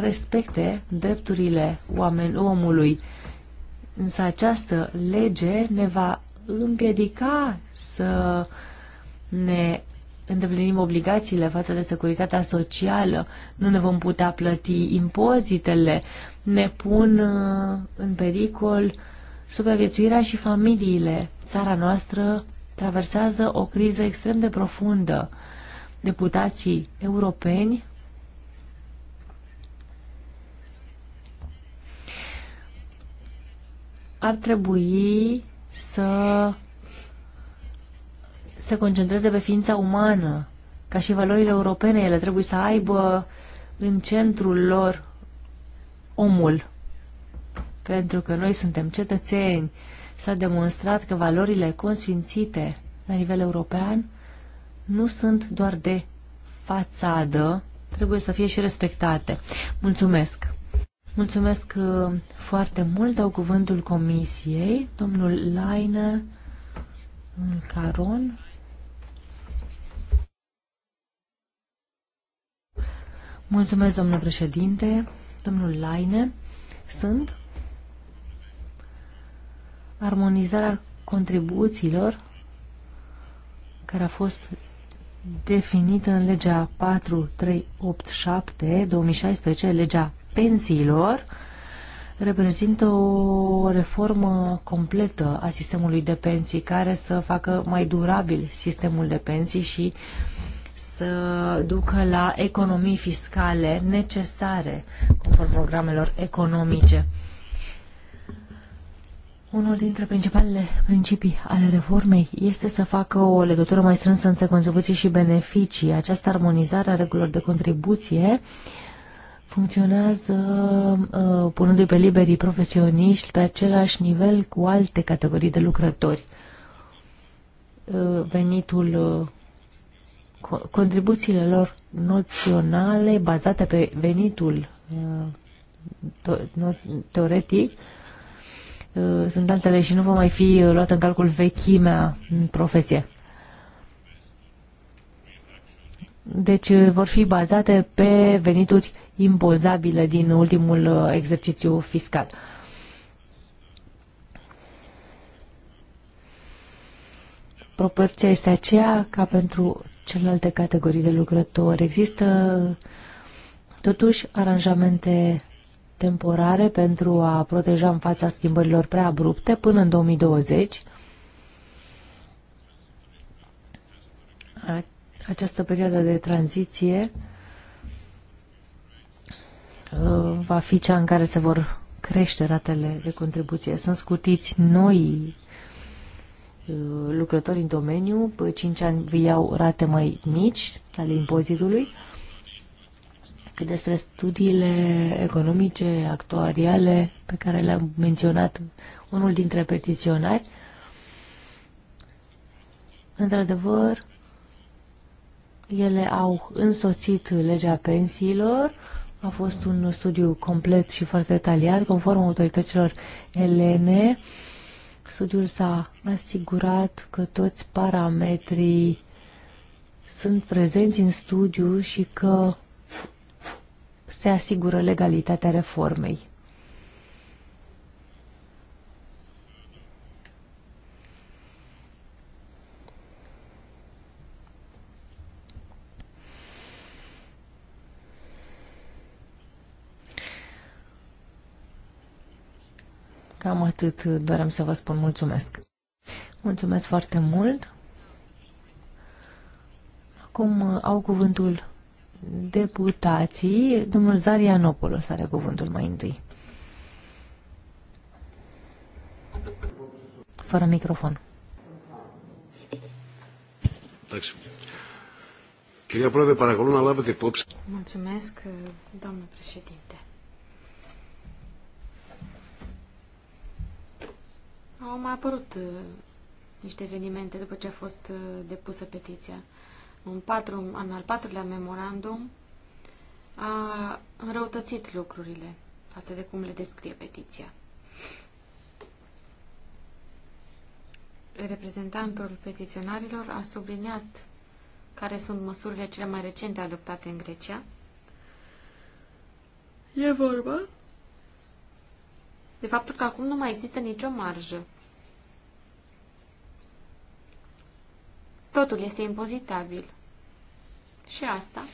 respecte drepturile omului. Însă această lege ne va împiedica să ne îndeplinim obligațiile față de securitatea socială, nu ne vom putea plăti impozitele, ne pun uh, în pericol supraviețuirea și familiile. Țara noastră traversează o criză extrem de profundă. Deputații europeni ar trebui să se concentreze pe ființa umană. Ca și valorile europene, ele trebuie să aibă în centrul lor omul. Pentru că noi suntem cetățeni. S-a demonstrat că valorile consfințite la nivel european nu sunt doar de fațadă, trebuie să fie și respectate. Mulțumesc! Mulțumesc uh, foarte mult, dau cuvântul comisiei, domnul Laine, Caron. Mulțumesc, domnule președinte, domnul Laine. Sunt armonizarea contribuțiilor care a fost definită în legea 4387 2016, legea pensiilor, reprezintă o reformă completă a sistemului de pensii care să facă mai durabil sistemul de pensii și uh, să ducă la economii fiscale necesare conform programelor economice. Unul dintre principalele principii ale reformei este să facă o legătură mai strânsă între contribuții și beneficii. Această armonizare a regulilor de contribuție funcționează uh, punându-i pe liberii profesioniști pe același nivel cu alte categorii de lucrători. Uh, venitul uh, contribuțiile lor noționale bazate pe venitul uh, teoretic uh, sunt altele și nu va mai fi uh, luată în calcul vechimea în profesie. Deci vor fi bazate pe venituri impozabile din ultimul exercițiu fiscal. Proporția este aceea ca pentru celelalte categorii de lucrători. Există totuși aranjamente temporare pentru a proteja în fața schimbărilor prea abrupte până în 2020. Această perioadă de tranziție uh, va fi cea în care se vor crește ratele de contribuție. Sunt scutiți noi Uh, lucrători în domeniu, pe 5 ani iau rate mai mici ale impozitului. Cât despre studiile economice, actuariale, pe care le-am menționat unul dintre petiționari, într-adevăr, ele au însoțit legea pensiilor, a fost un studiu complet și foarte detaliat, conform autorităților elene, Studiul s-a asigurat că toți parametrii sunt prezenți în studiu și că se asigură legalitatea reformei. Cam atât doream să vă spun mulțumesc. Mulțumesc foarte mult. Acum uh, au cuvântul deputații. Domnul Zarianopoulos are cuvântul mai întâi. Fără microfon. Mulțumesc, uh, doamnă președinte. Au mai apărut uh, niște evenimente după ce a fost uh, depusă petiția. În, patru, în al patrulea memorandum a înrăutățit lucrurile față de cum le descrie petiția. Reprezentantul petiționarilor a subliniat care sunt măsurile cele mai recente adoptate în Grecia. E vorba de faptul că acum nu mai există nicio marjă totul este impozitabil. Și asta.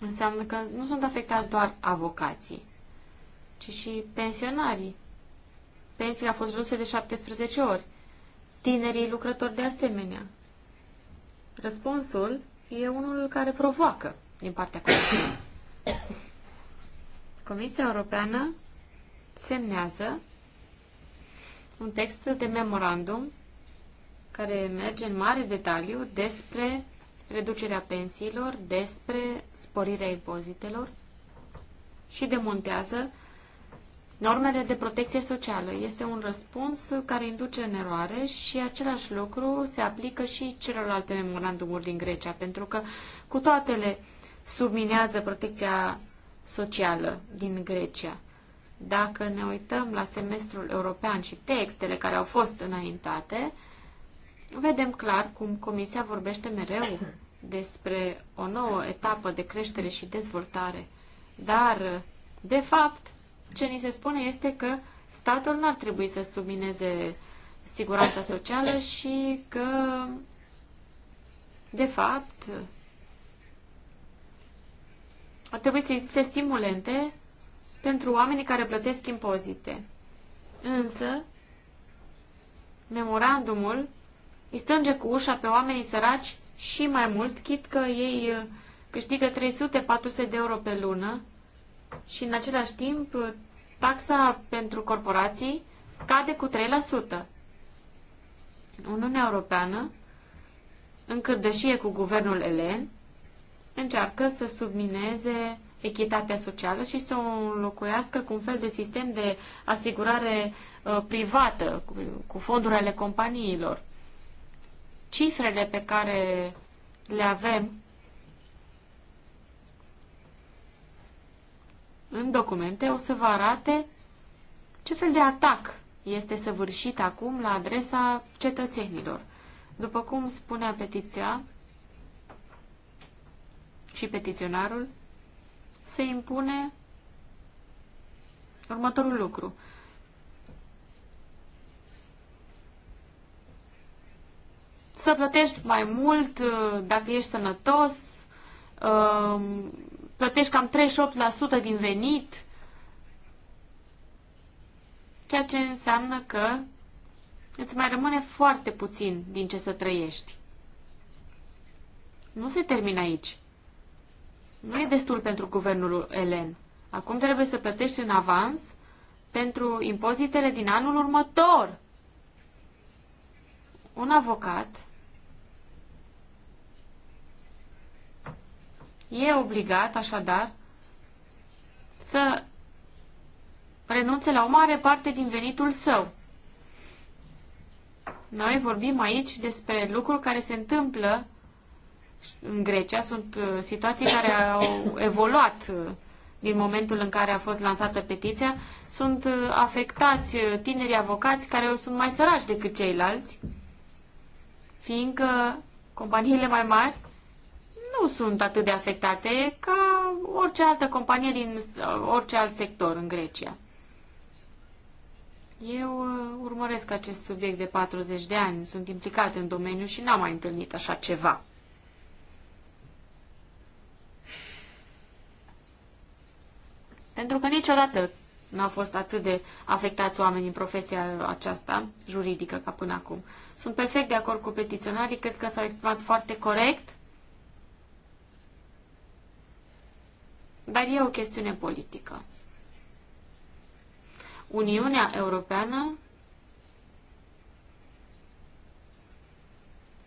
Înseamnă că nu sunt afectați doar avocații, ci și pensionarii. Pensiile au fost reduse de 17 ori. Tinerii lucrători de asemenea. Răspunsul e unul care provoacă din partea Comisiei. Comisia Europeană semnează un text de memorandum care merge în mare detaliu despre reducerea pensiilor, despre sporirea impozitelor și demontează normele de protecție socială. Este un răspuns care induce în eroare și același lucru se aplică și celorlalte memorandumuri din Grecia, pentru că cu toatele subminează protecția socială din Grecia. Dacă ne uităm la semestrul european și textele care au fost înaintate, vedem clar cum Comisia vorbește mereu despre o nouă etapă de creștere și dezvoltare. Dar, de fapt, ce ni se spune este că statul n-ar trebui să submineze siguranța socială și că, de fapt, ar trebui să existe stimulente pentru oamenii care plătesc impozite. Însă, memorandumul îi stânge cu ușa pe oamenii săraci și mai mult, chit că ei uh, câștigă 300-400 de euro pe lună și în același timp uh, taxa pentru corporații scade cu 3%. Uniunea Europeană, în cârdășie cu guvernul elen, încearcă să submineze echitatea socială și să o înlocuiască cu un fel de sistem de asigurare uh, privată, cu fonduri ale companiilor. Cifrele pe care le avem în documente o să vă arate ce fel de atac este săvârșit acum la adresa cetățenilor. După cum spunea petiția și petiționarul, se impune următorul lucru. Să plătești mai mult uh, dacă ești sănătos, um, plătești cam 38% din venit, ceea ce înseamnă că îți mai rămâne foarte puțin din ce să trăiești. Nu se termină aici nu e destul pentru guvernul elen. Acum trebuie să plătești în avans pentru impozitele din anul următor. Un avocat e obligat, așadar, să renunțe la o mare parte din venitul său. Noi vorbim aici despre lucruri care se întâmplă în Grecia sunt uh, situații care au evoluat uh, din momentul în care a fost lansată petiția. Sunt uh, afectați tinerii avocați care sunt mai săraci decât ceilalți, fiindcă companiile mai mari nu sunt atât de afectate ca orice altă companie din orice alt sector în Grecia. Eu urmăresc acest subiect de 40 de ani, sunt implicat în domeniu și n-am mai întâlnit așa ceva. Pentru că niciodată nu au fost atât de afectați oamenii în profesia aceasta juridică ca până acum. Sunt perfect de acord cu petiționarii, cred că s-au exprimat foarte corect, dar e o chestiune politică. Uniunea Europeană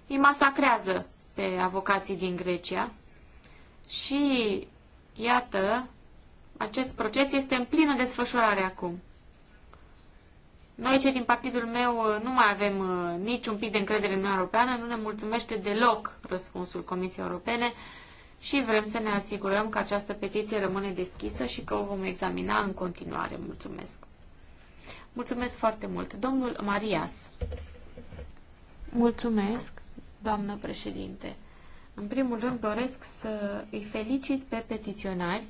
îi masacrează pe avocații din Grecia și, iată, acest proces este în plină desfășurare acum. Noi, cei din partidul meu, nu mai avem uh, niciun pic de încredere în Uniunea Europeană, nu ne mulțumește deloc răspunsul Comisiei Europene și vrem să ne asigurăm că această petiție rămâne deschisă și că o vom examina în continuare. Mulțumesc! Mulțumesc foarte mult! Domnul Marias! Mulțumesc, doamnă președinte! În primul rând doresc să îi felicit pe petiționari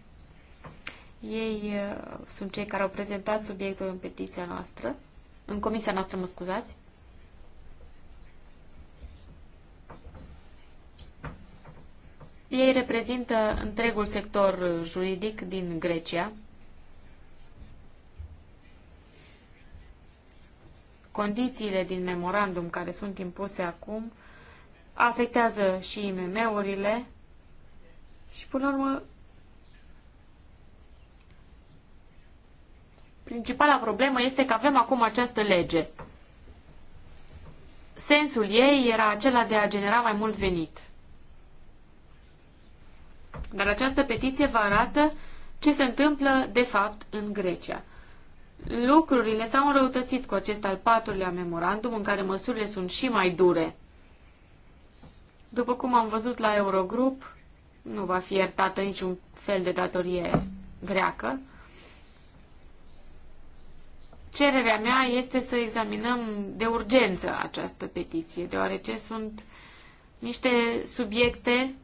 ei uh, sunt cei care au prezentat subiectul în petiția noastră, în comisia noastră, mă scuzați. Ei reprezintă întregul sector juridic din Grecia. Condițiile din memorandum care sunt impuse acum afectează și IMM-urile și, până la urmă, principala problemă este că avem acum această lege. Sensul ei era acela de a genera mai mult venit. Dar această petiție vă arată ce se întâmplă, de fapt, în Grecia. Lucrurile s-au înrăutățit cu acest al patrulea memorandum, în care măsurile sunt și mai dure. După cum am văzut la Eurogrup, nu va fi iertată niciun fel de datorie greacă. Cererea mea este să examinăm de urgență această petiție, deoarece sunt niște subiecte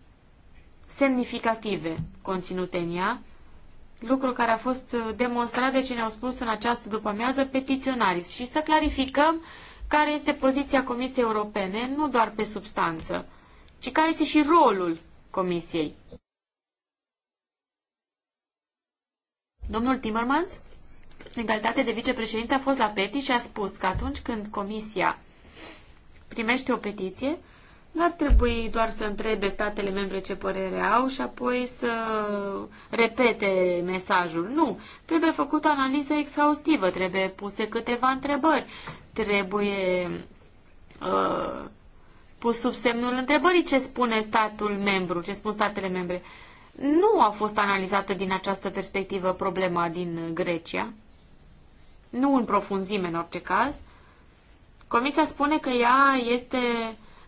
semnificative conținute în ea, lucru care a fost demonstrat de ce ne-au spus în această după-amiază petiționarii și să clarificăm care este poziția Comisiei Europene, nu doar pe substanță, ci care este și rolul Comisiei. Domnul Timmermans? în calitate de vicepreședinte, a fost la PETI și a spus că atunci când Comisia primește o petiție, nu ar trebui doar să întrebe statele membre ce părere au și apoi să repete mesajul. Nu, trebuie făcut o analiză exhaustivă, trebuie puse câteva întrebări, trebuie uh, pus sub semnul întrebării ce spune statul membru, ce spun statele membre. Nu a fost analizată din această perspectivă problema din Grecia nu în profunzime în orice caz. Comisia spune că ea este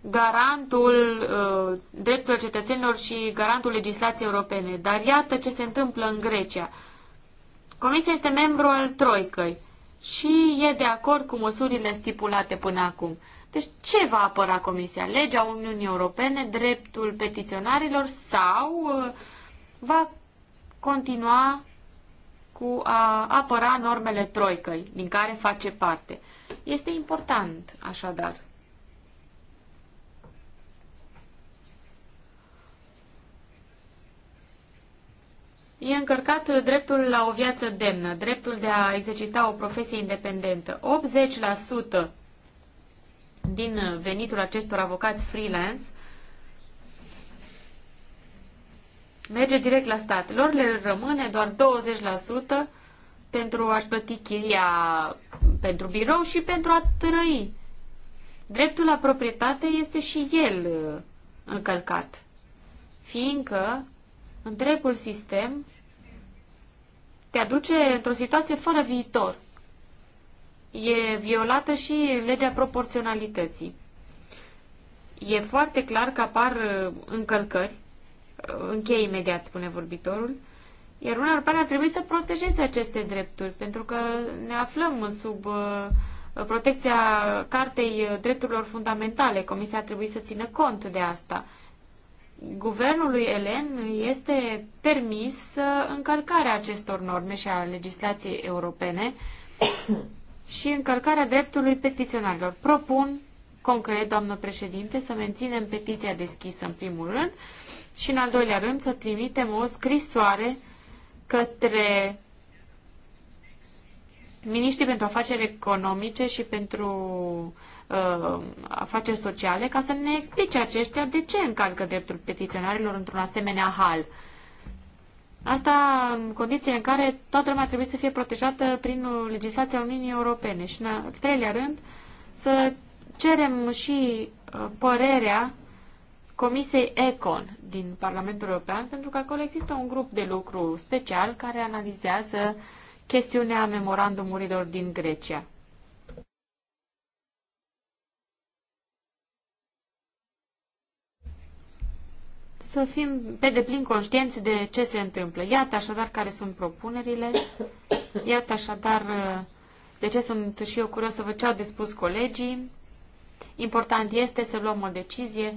garantul uh, drepturilor cetățenilor și garantul legislației europene. Dar iată ce se întâmplă în Grecia. Comisia este membru al Troicăi și e de acord cu măsurile stipulate până acum. Deci ce va apăra Comisia? Legea Uniunii Europene, dreptul petiționarilor sau uh, va continua cu a apăra normele troicăi, din care face parte. Este important, așadar. E încărcat dreptul la o viață demnă, dreptul de a exercita o profesie independentă. 80% din venitul acestor avocați freelance merge direct la lor, le rămâne doar 20% pentru a-și plăti chiria pentru birou și pentru a trăi. Dreptul la proprietate este și el uh, încălcat, fiindcă întregul sistem te aduce într-o situație fără viitor. E violată și legea proporționalității. E foarte clar că apar uh, încălcări încheie imediat, spune vorbitorul, iar Uniunea Europeană ar trebui să protejeze aceste drepturi, pentru că ne aflăm sub uh, protecția Cartei Drepturilor Fundamentale. Comisia ar trebui să țină cont de asta. Guvernului elen este permis uh, încălcarea acestor norme și a legislației europene și încălcarea dreptului petiționarilor. Propun concret, doamnă președinte, să menținem petiția deschisă în primul rând și, în al doilea rând, să trimitem o scrisoare către miniștrii pentru afaceri economice și pentru uh, afaceri sociale ca să ne explice aceștia de ce încalcă dreptul petiționarilor într-un asemenea hal. Asta în condiții în care toată lumea trebuie să fie protejată prin legislația Uniunii Europene. Și în al treilea rând, să cerem și uh, părerea Comisiei ECON din Parlamentul European, pentru că acolo există un grup de lucru special care analizează chestiunea memorandumurilor din Grecia. Să fim pe deplin conștienți de ce se întâmplă. Iată așadar care sunt propunerile, iată așadar uh, de ce sunt și eu curios să vă ce au de spus colegii. Important este să luăm o decizie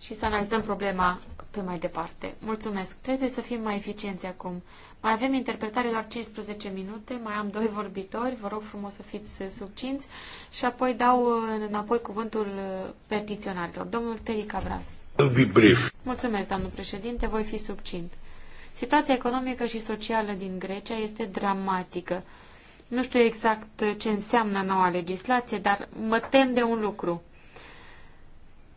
și să analizăm problema pe mai departe. Mulțumesc. Trebuie să fim mai eficienți acum. Mai avem interpretare doar 15 minute, mai am doi vorbitori, vă rog frumos să fiți subcinți și apoi dau înapoi cuvântul petiționarilor. Domnul Terica Vras. Brief. Mulțumesc, domnul președinte, voi fi subcint. Situația economică și socială din Grecia este dramatică. Nu știu exact ce înseamnă noua legislație, dar mă tem de un lucru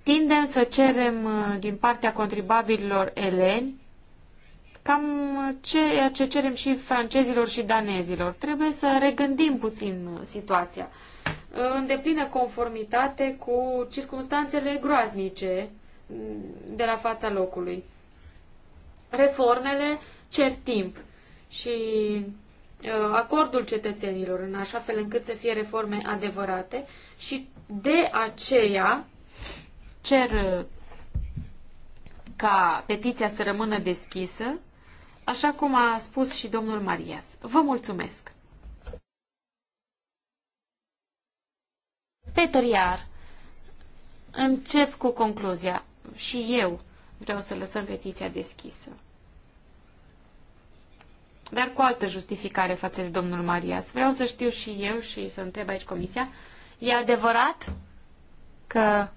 tindem să cerem uh, din partea contribuabililor eleni cam uh, ceea ce cerem și francezilor și danezilor. Trebuie să regândim puțin uh, situația în deplină conformitate cu circunstanțele groaznice mm, de la fața locului. Reformele cer timp și acordul cetățenilor în așa fel încât să fie reforme adevărate și de aceea cer uh, ca petiția să rămână deschisă, așa cum a spus și domnul Marias. Vă mulțumesc! Peter Iar, încep cu concluzia. Și eu vreau să lăsăm petiția deschisă. Dar cu altă justificare față de domnul Marias. Vreau să știu și eu și să întreb aici comisia, e adevărat că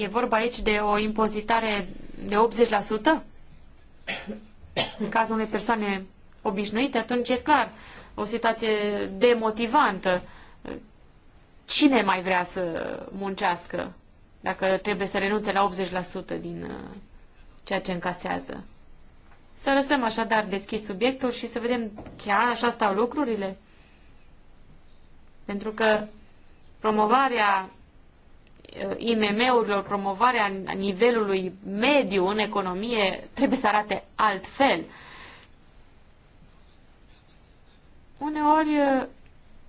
E vorba aici de o impozitare de 80%? În cazul unei persoane obișnuite, atunci e clar o situație demotivantă. Cine mai vrea să muncească dacă trebuie să renunțe la 80% din uh, ceea ce încasează? Să lăsăm așadar deschis subiectul și să vedem chiar așa stau lucrurile. Pentru că promovarea Uh, IMM-urilor, promovarea nivelului mediu în economie trebuie să arate altfel. Uneori uh,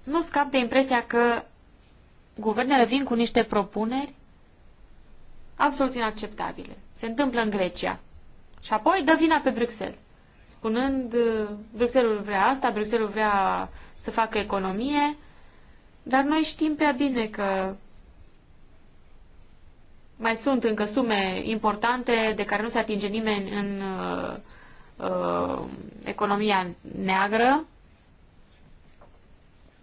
nu scap de impresia că guvernele vin cu niște propuneri absolut inacceptabile. Se întâmplă în Grecia. Și apoi dă vina pe Bruxelles, spunând uh, Bruxelles vrea asta, Bruxelles vrea să facă economie, dar noi știm prea bine că mai sunt încă sume importante de care nu se atinge nimeni în uh, uh, economia neagră,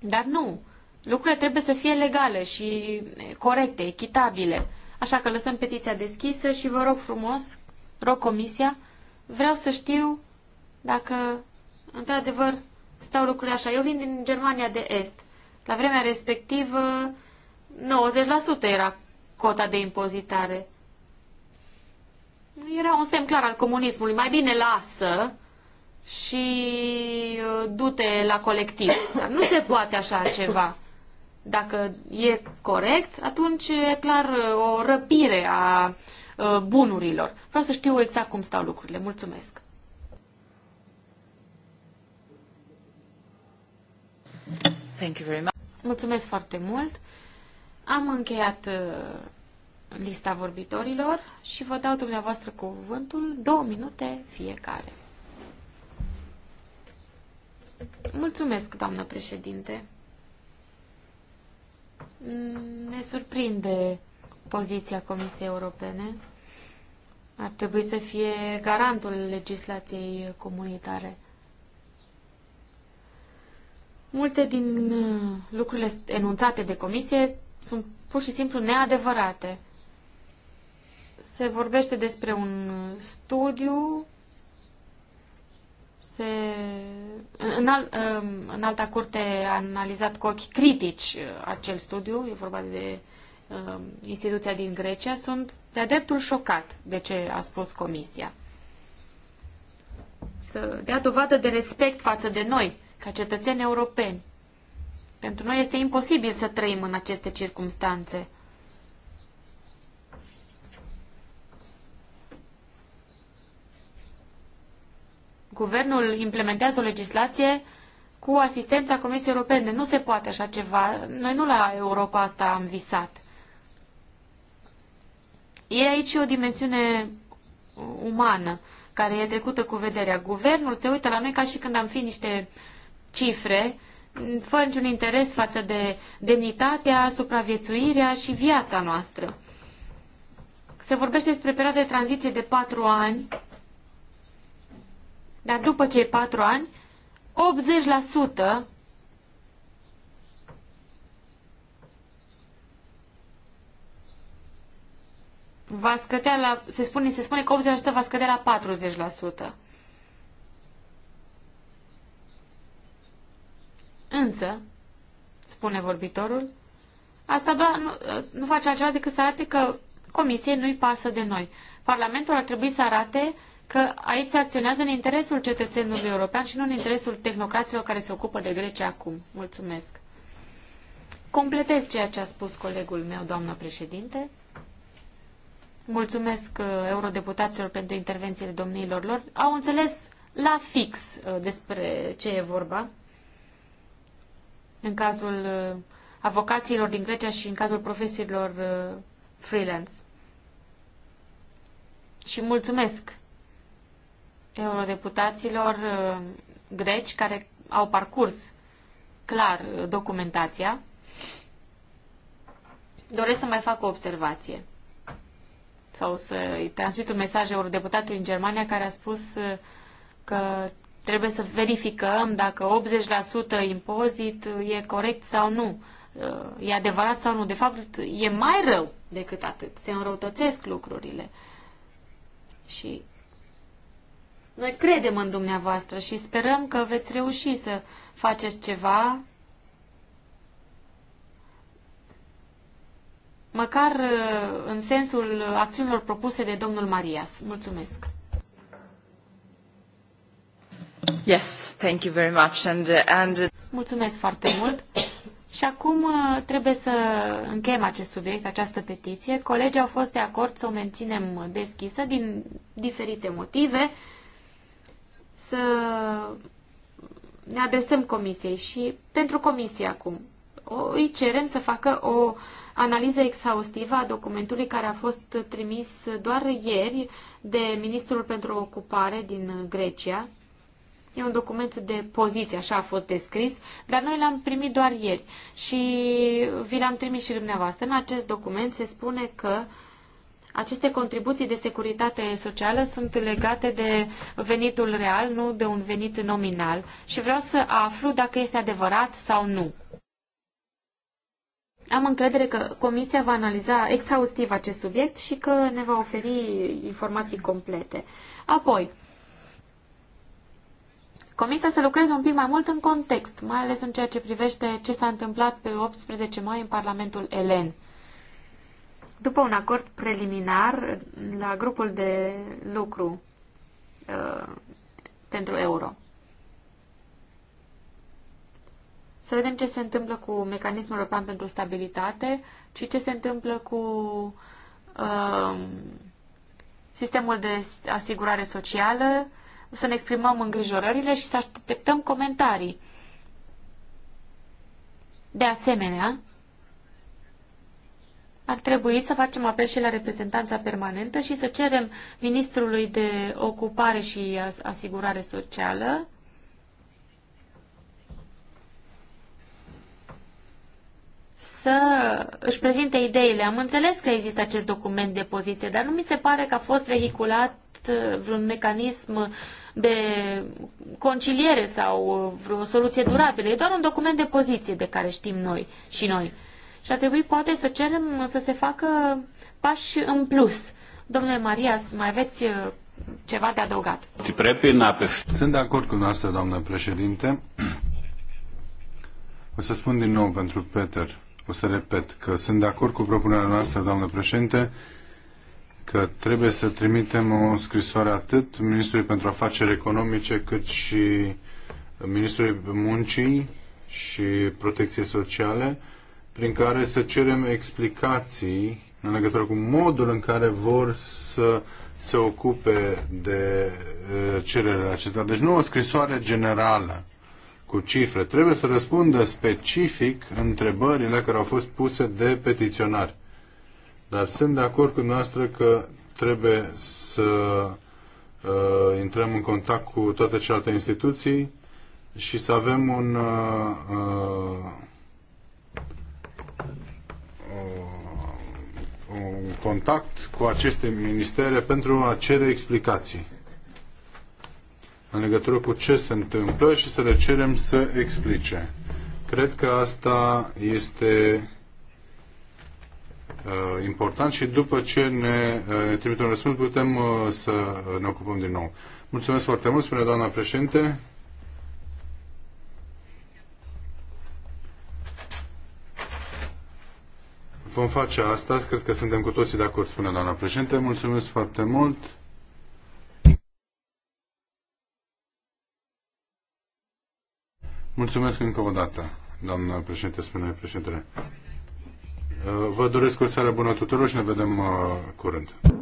dar nu. Lucrurile trebuie să fie legale și corecte, echitabile. Așa că lăsăm petiția deschisă și vă rog frumos, rog comisia, vreau să știu dacă într-adevăr stau lucrurile așa. Eu vin din Germania de Est. La vremea respectivă 90% era cota de impozitare. Era un semn clar al comunismului. Mai bine lasă și uh, du-te la colectiv. Dar nu se poate așa ceva. Dacă e corect, atunci e clar uh, o răpire a uh, bunurilor. Vreau să știu exact cum stau lucrurile. Mulțumesc! Thank you very much. Mulțumesc foarte mult! Am încheiat uh, lista vorbitorilor și vă dau dumneavoastră cuvântul două minute fiecare. Mulțumesc, doamnă președinte. Ne surprinde poziția Comisiei Europene. Ar trebui să fie garantul legislației comunitare. Multe din uh, lucrurile enunțate de comisie sunt pur și simplu neadevărate. Se vorbește despre un studiu, se, în, al, um, în alta curte a analizat cu ochi critici uh, acel studiu, e vorba de um, instituția din Grecia, sunt de-a dreptul șocat de ce a spus Comisia. Să dea dovadă de respect față de noi, ca cetățeni europeni. Pentru noi este imposibil să trăim în aceste circumstanțe. Guvernul implementează o legislație cu asistența Comisiei Europene. Nu se poate așa ceva. Noi nu la Europa asta am visat. E aici o dimensiune umană care e trecută cu vederea. Guvernul se uită la noi ca și când am fi niște cifre fără niciun interes față de demnitatea, supraviețuirea și viața noastră. Se vorbește despre perioada de tranziție de patru ani, dar după cei patru ani, 80% va scădea la, se spune, se spune că 80% va scădea la 40%. Însă, spune vorbitorul, asta doar nu, nu face altceva decât să arate că comisie nu-i pasă de noi. Parlamentul ar trebui să arate că aici se acționează în interesul cetățenului european și nu în interesul tehnocraților care se ocupă de Grecia acum. Mulțumesc. Completez ceea ce a spus colegul meu, doamna președinte. Mulțumesc uh, eurodeputaților pentru intervențiile domniilor lor. Au înțeles la fix uh, despre ce e vorba în cazul uh, avocaților din Grecia și în cazul profesiilor uh, freelance. Și mulțumesc eurodeputaților uh, greci care au parcurs clar documentația. Doresc să mai fac o observație sau să-i transmit un mesaj eurodeputatului în Germania care a spus că Trebuie să verificăm dacă 80% impozit e corect sau nu, e adevărat sau nu. De fapt, e mai rău decât atât. Se înrăutățesc lucrurile. Și noi credem în dumneavoastră și sperăm că veți reuși să faceți ceva măcar uh, în sensul acțiunilor propuse de domnul Marias. Mulțumesc! Yes, thank you very much. And, uh, and... Uh, Mulțumesc foarte mult. Și acum uh, trebuie să încheiem acest subiect, această petiție. Colegii au fost de acord să o menținem deschisă din diferite motive, să ne adresăm comisiei și pentru comisie acum. O, îi cerem să facă o analiză exhaustivă a documentului care a fost trimis doar ieri de Ministrul pentru Ocupare din Grecia, E un document de poziție, așa a fost descris, dar noi l-am primit doar ieri și vi l-am trimis și dumneavoastră. În acest document se spune că aceste contribuții de securitate socială sunt legate de venitul real, nu de un venit nominal. Și vreau să aflu dacă este adevărat sau nu. Am încredere că Comisia va analiza exhaustiv acest subiect și că ne va oferi informații complete. Apoi, Comisia să lucreze un pic mai mult în context, mai ales în ceea ce privește ce s-a întâmplat pe 18 mai în Parlamentul Elen. După un acord preliminar la grupul de lucru uh, pentru euro. Să vedem ce se întâmplă cu mecanismul european pentru stabilitate și ce se întâmplă cu uh, sistemul de asigurare socială, uh, să ne exprimăm îngrijorările și să așteptăm comentarii. De asemenea, ar trebui să facem apel și la reprezentanța permanentă și să cerem Ministrului de Ocupare și Asigurare Socială să își prezinte ideile. Am înțeles că există acest document de poziție, dar nu mi se pare că a fost vehiculat uh, vreun mecanism de conciliere sau uh, vreo soluție durabilă. E doar un document de poziție de care știm noi și noi. Și ar trebui poate să cerem să se facă pași în plus. Domnule Marias, mai aveți uh, ceva de adăugat? Sunt de acord cu noastră, doamnă președinte. O să spun din nou pentru Peter. O să repet că sunt de acord cu propunerea noastră, doamnă președinte, că trebuie să trimitem o scrisoare atât Ministrului pentru Afaceri Economice cât și Ministrului Muncii și Protecției Sociale, prin care să cerem explicații în legătură cu modul în care vor să se ocupe de eh, cererile acestea. Deci nu o scrisoare generală cu cifre. Trebuie să răspundă specific întrebările care au fost puse de petiționari. Dar sunt de acord cu noastră că trebuie să uh, intrăm în contact cu toate celelalte instituții și să avem un uh, uh, un contact cu aceste ministere pentru a cere explicații în legătură cu ce se întâmplă și să le cerem să explice. Cred că asta este uh, important și după ce ne uh, trimit un răspuns putem uh, să ne ocupăm din nou. Mulțumesc foarte mult, spune doamna președinte. Vom face asta, cred că suntem cu toții de acord, spune doamna președinte. Mulțumesc foarte mult. Mulțumesc încă o dată, doamnă președinte, spune președintele. Vă doresc o seară bună tuturor și ne vedem uh, curând.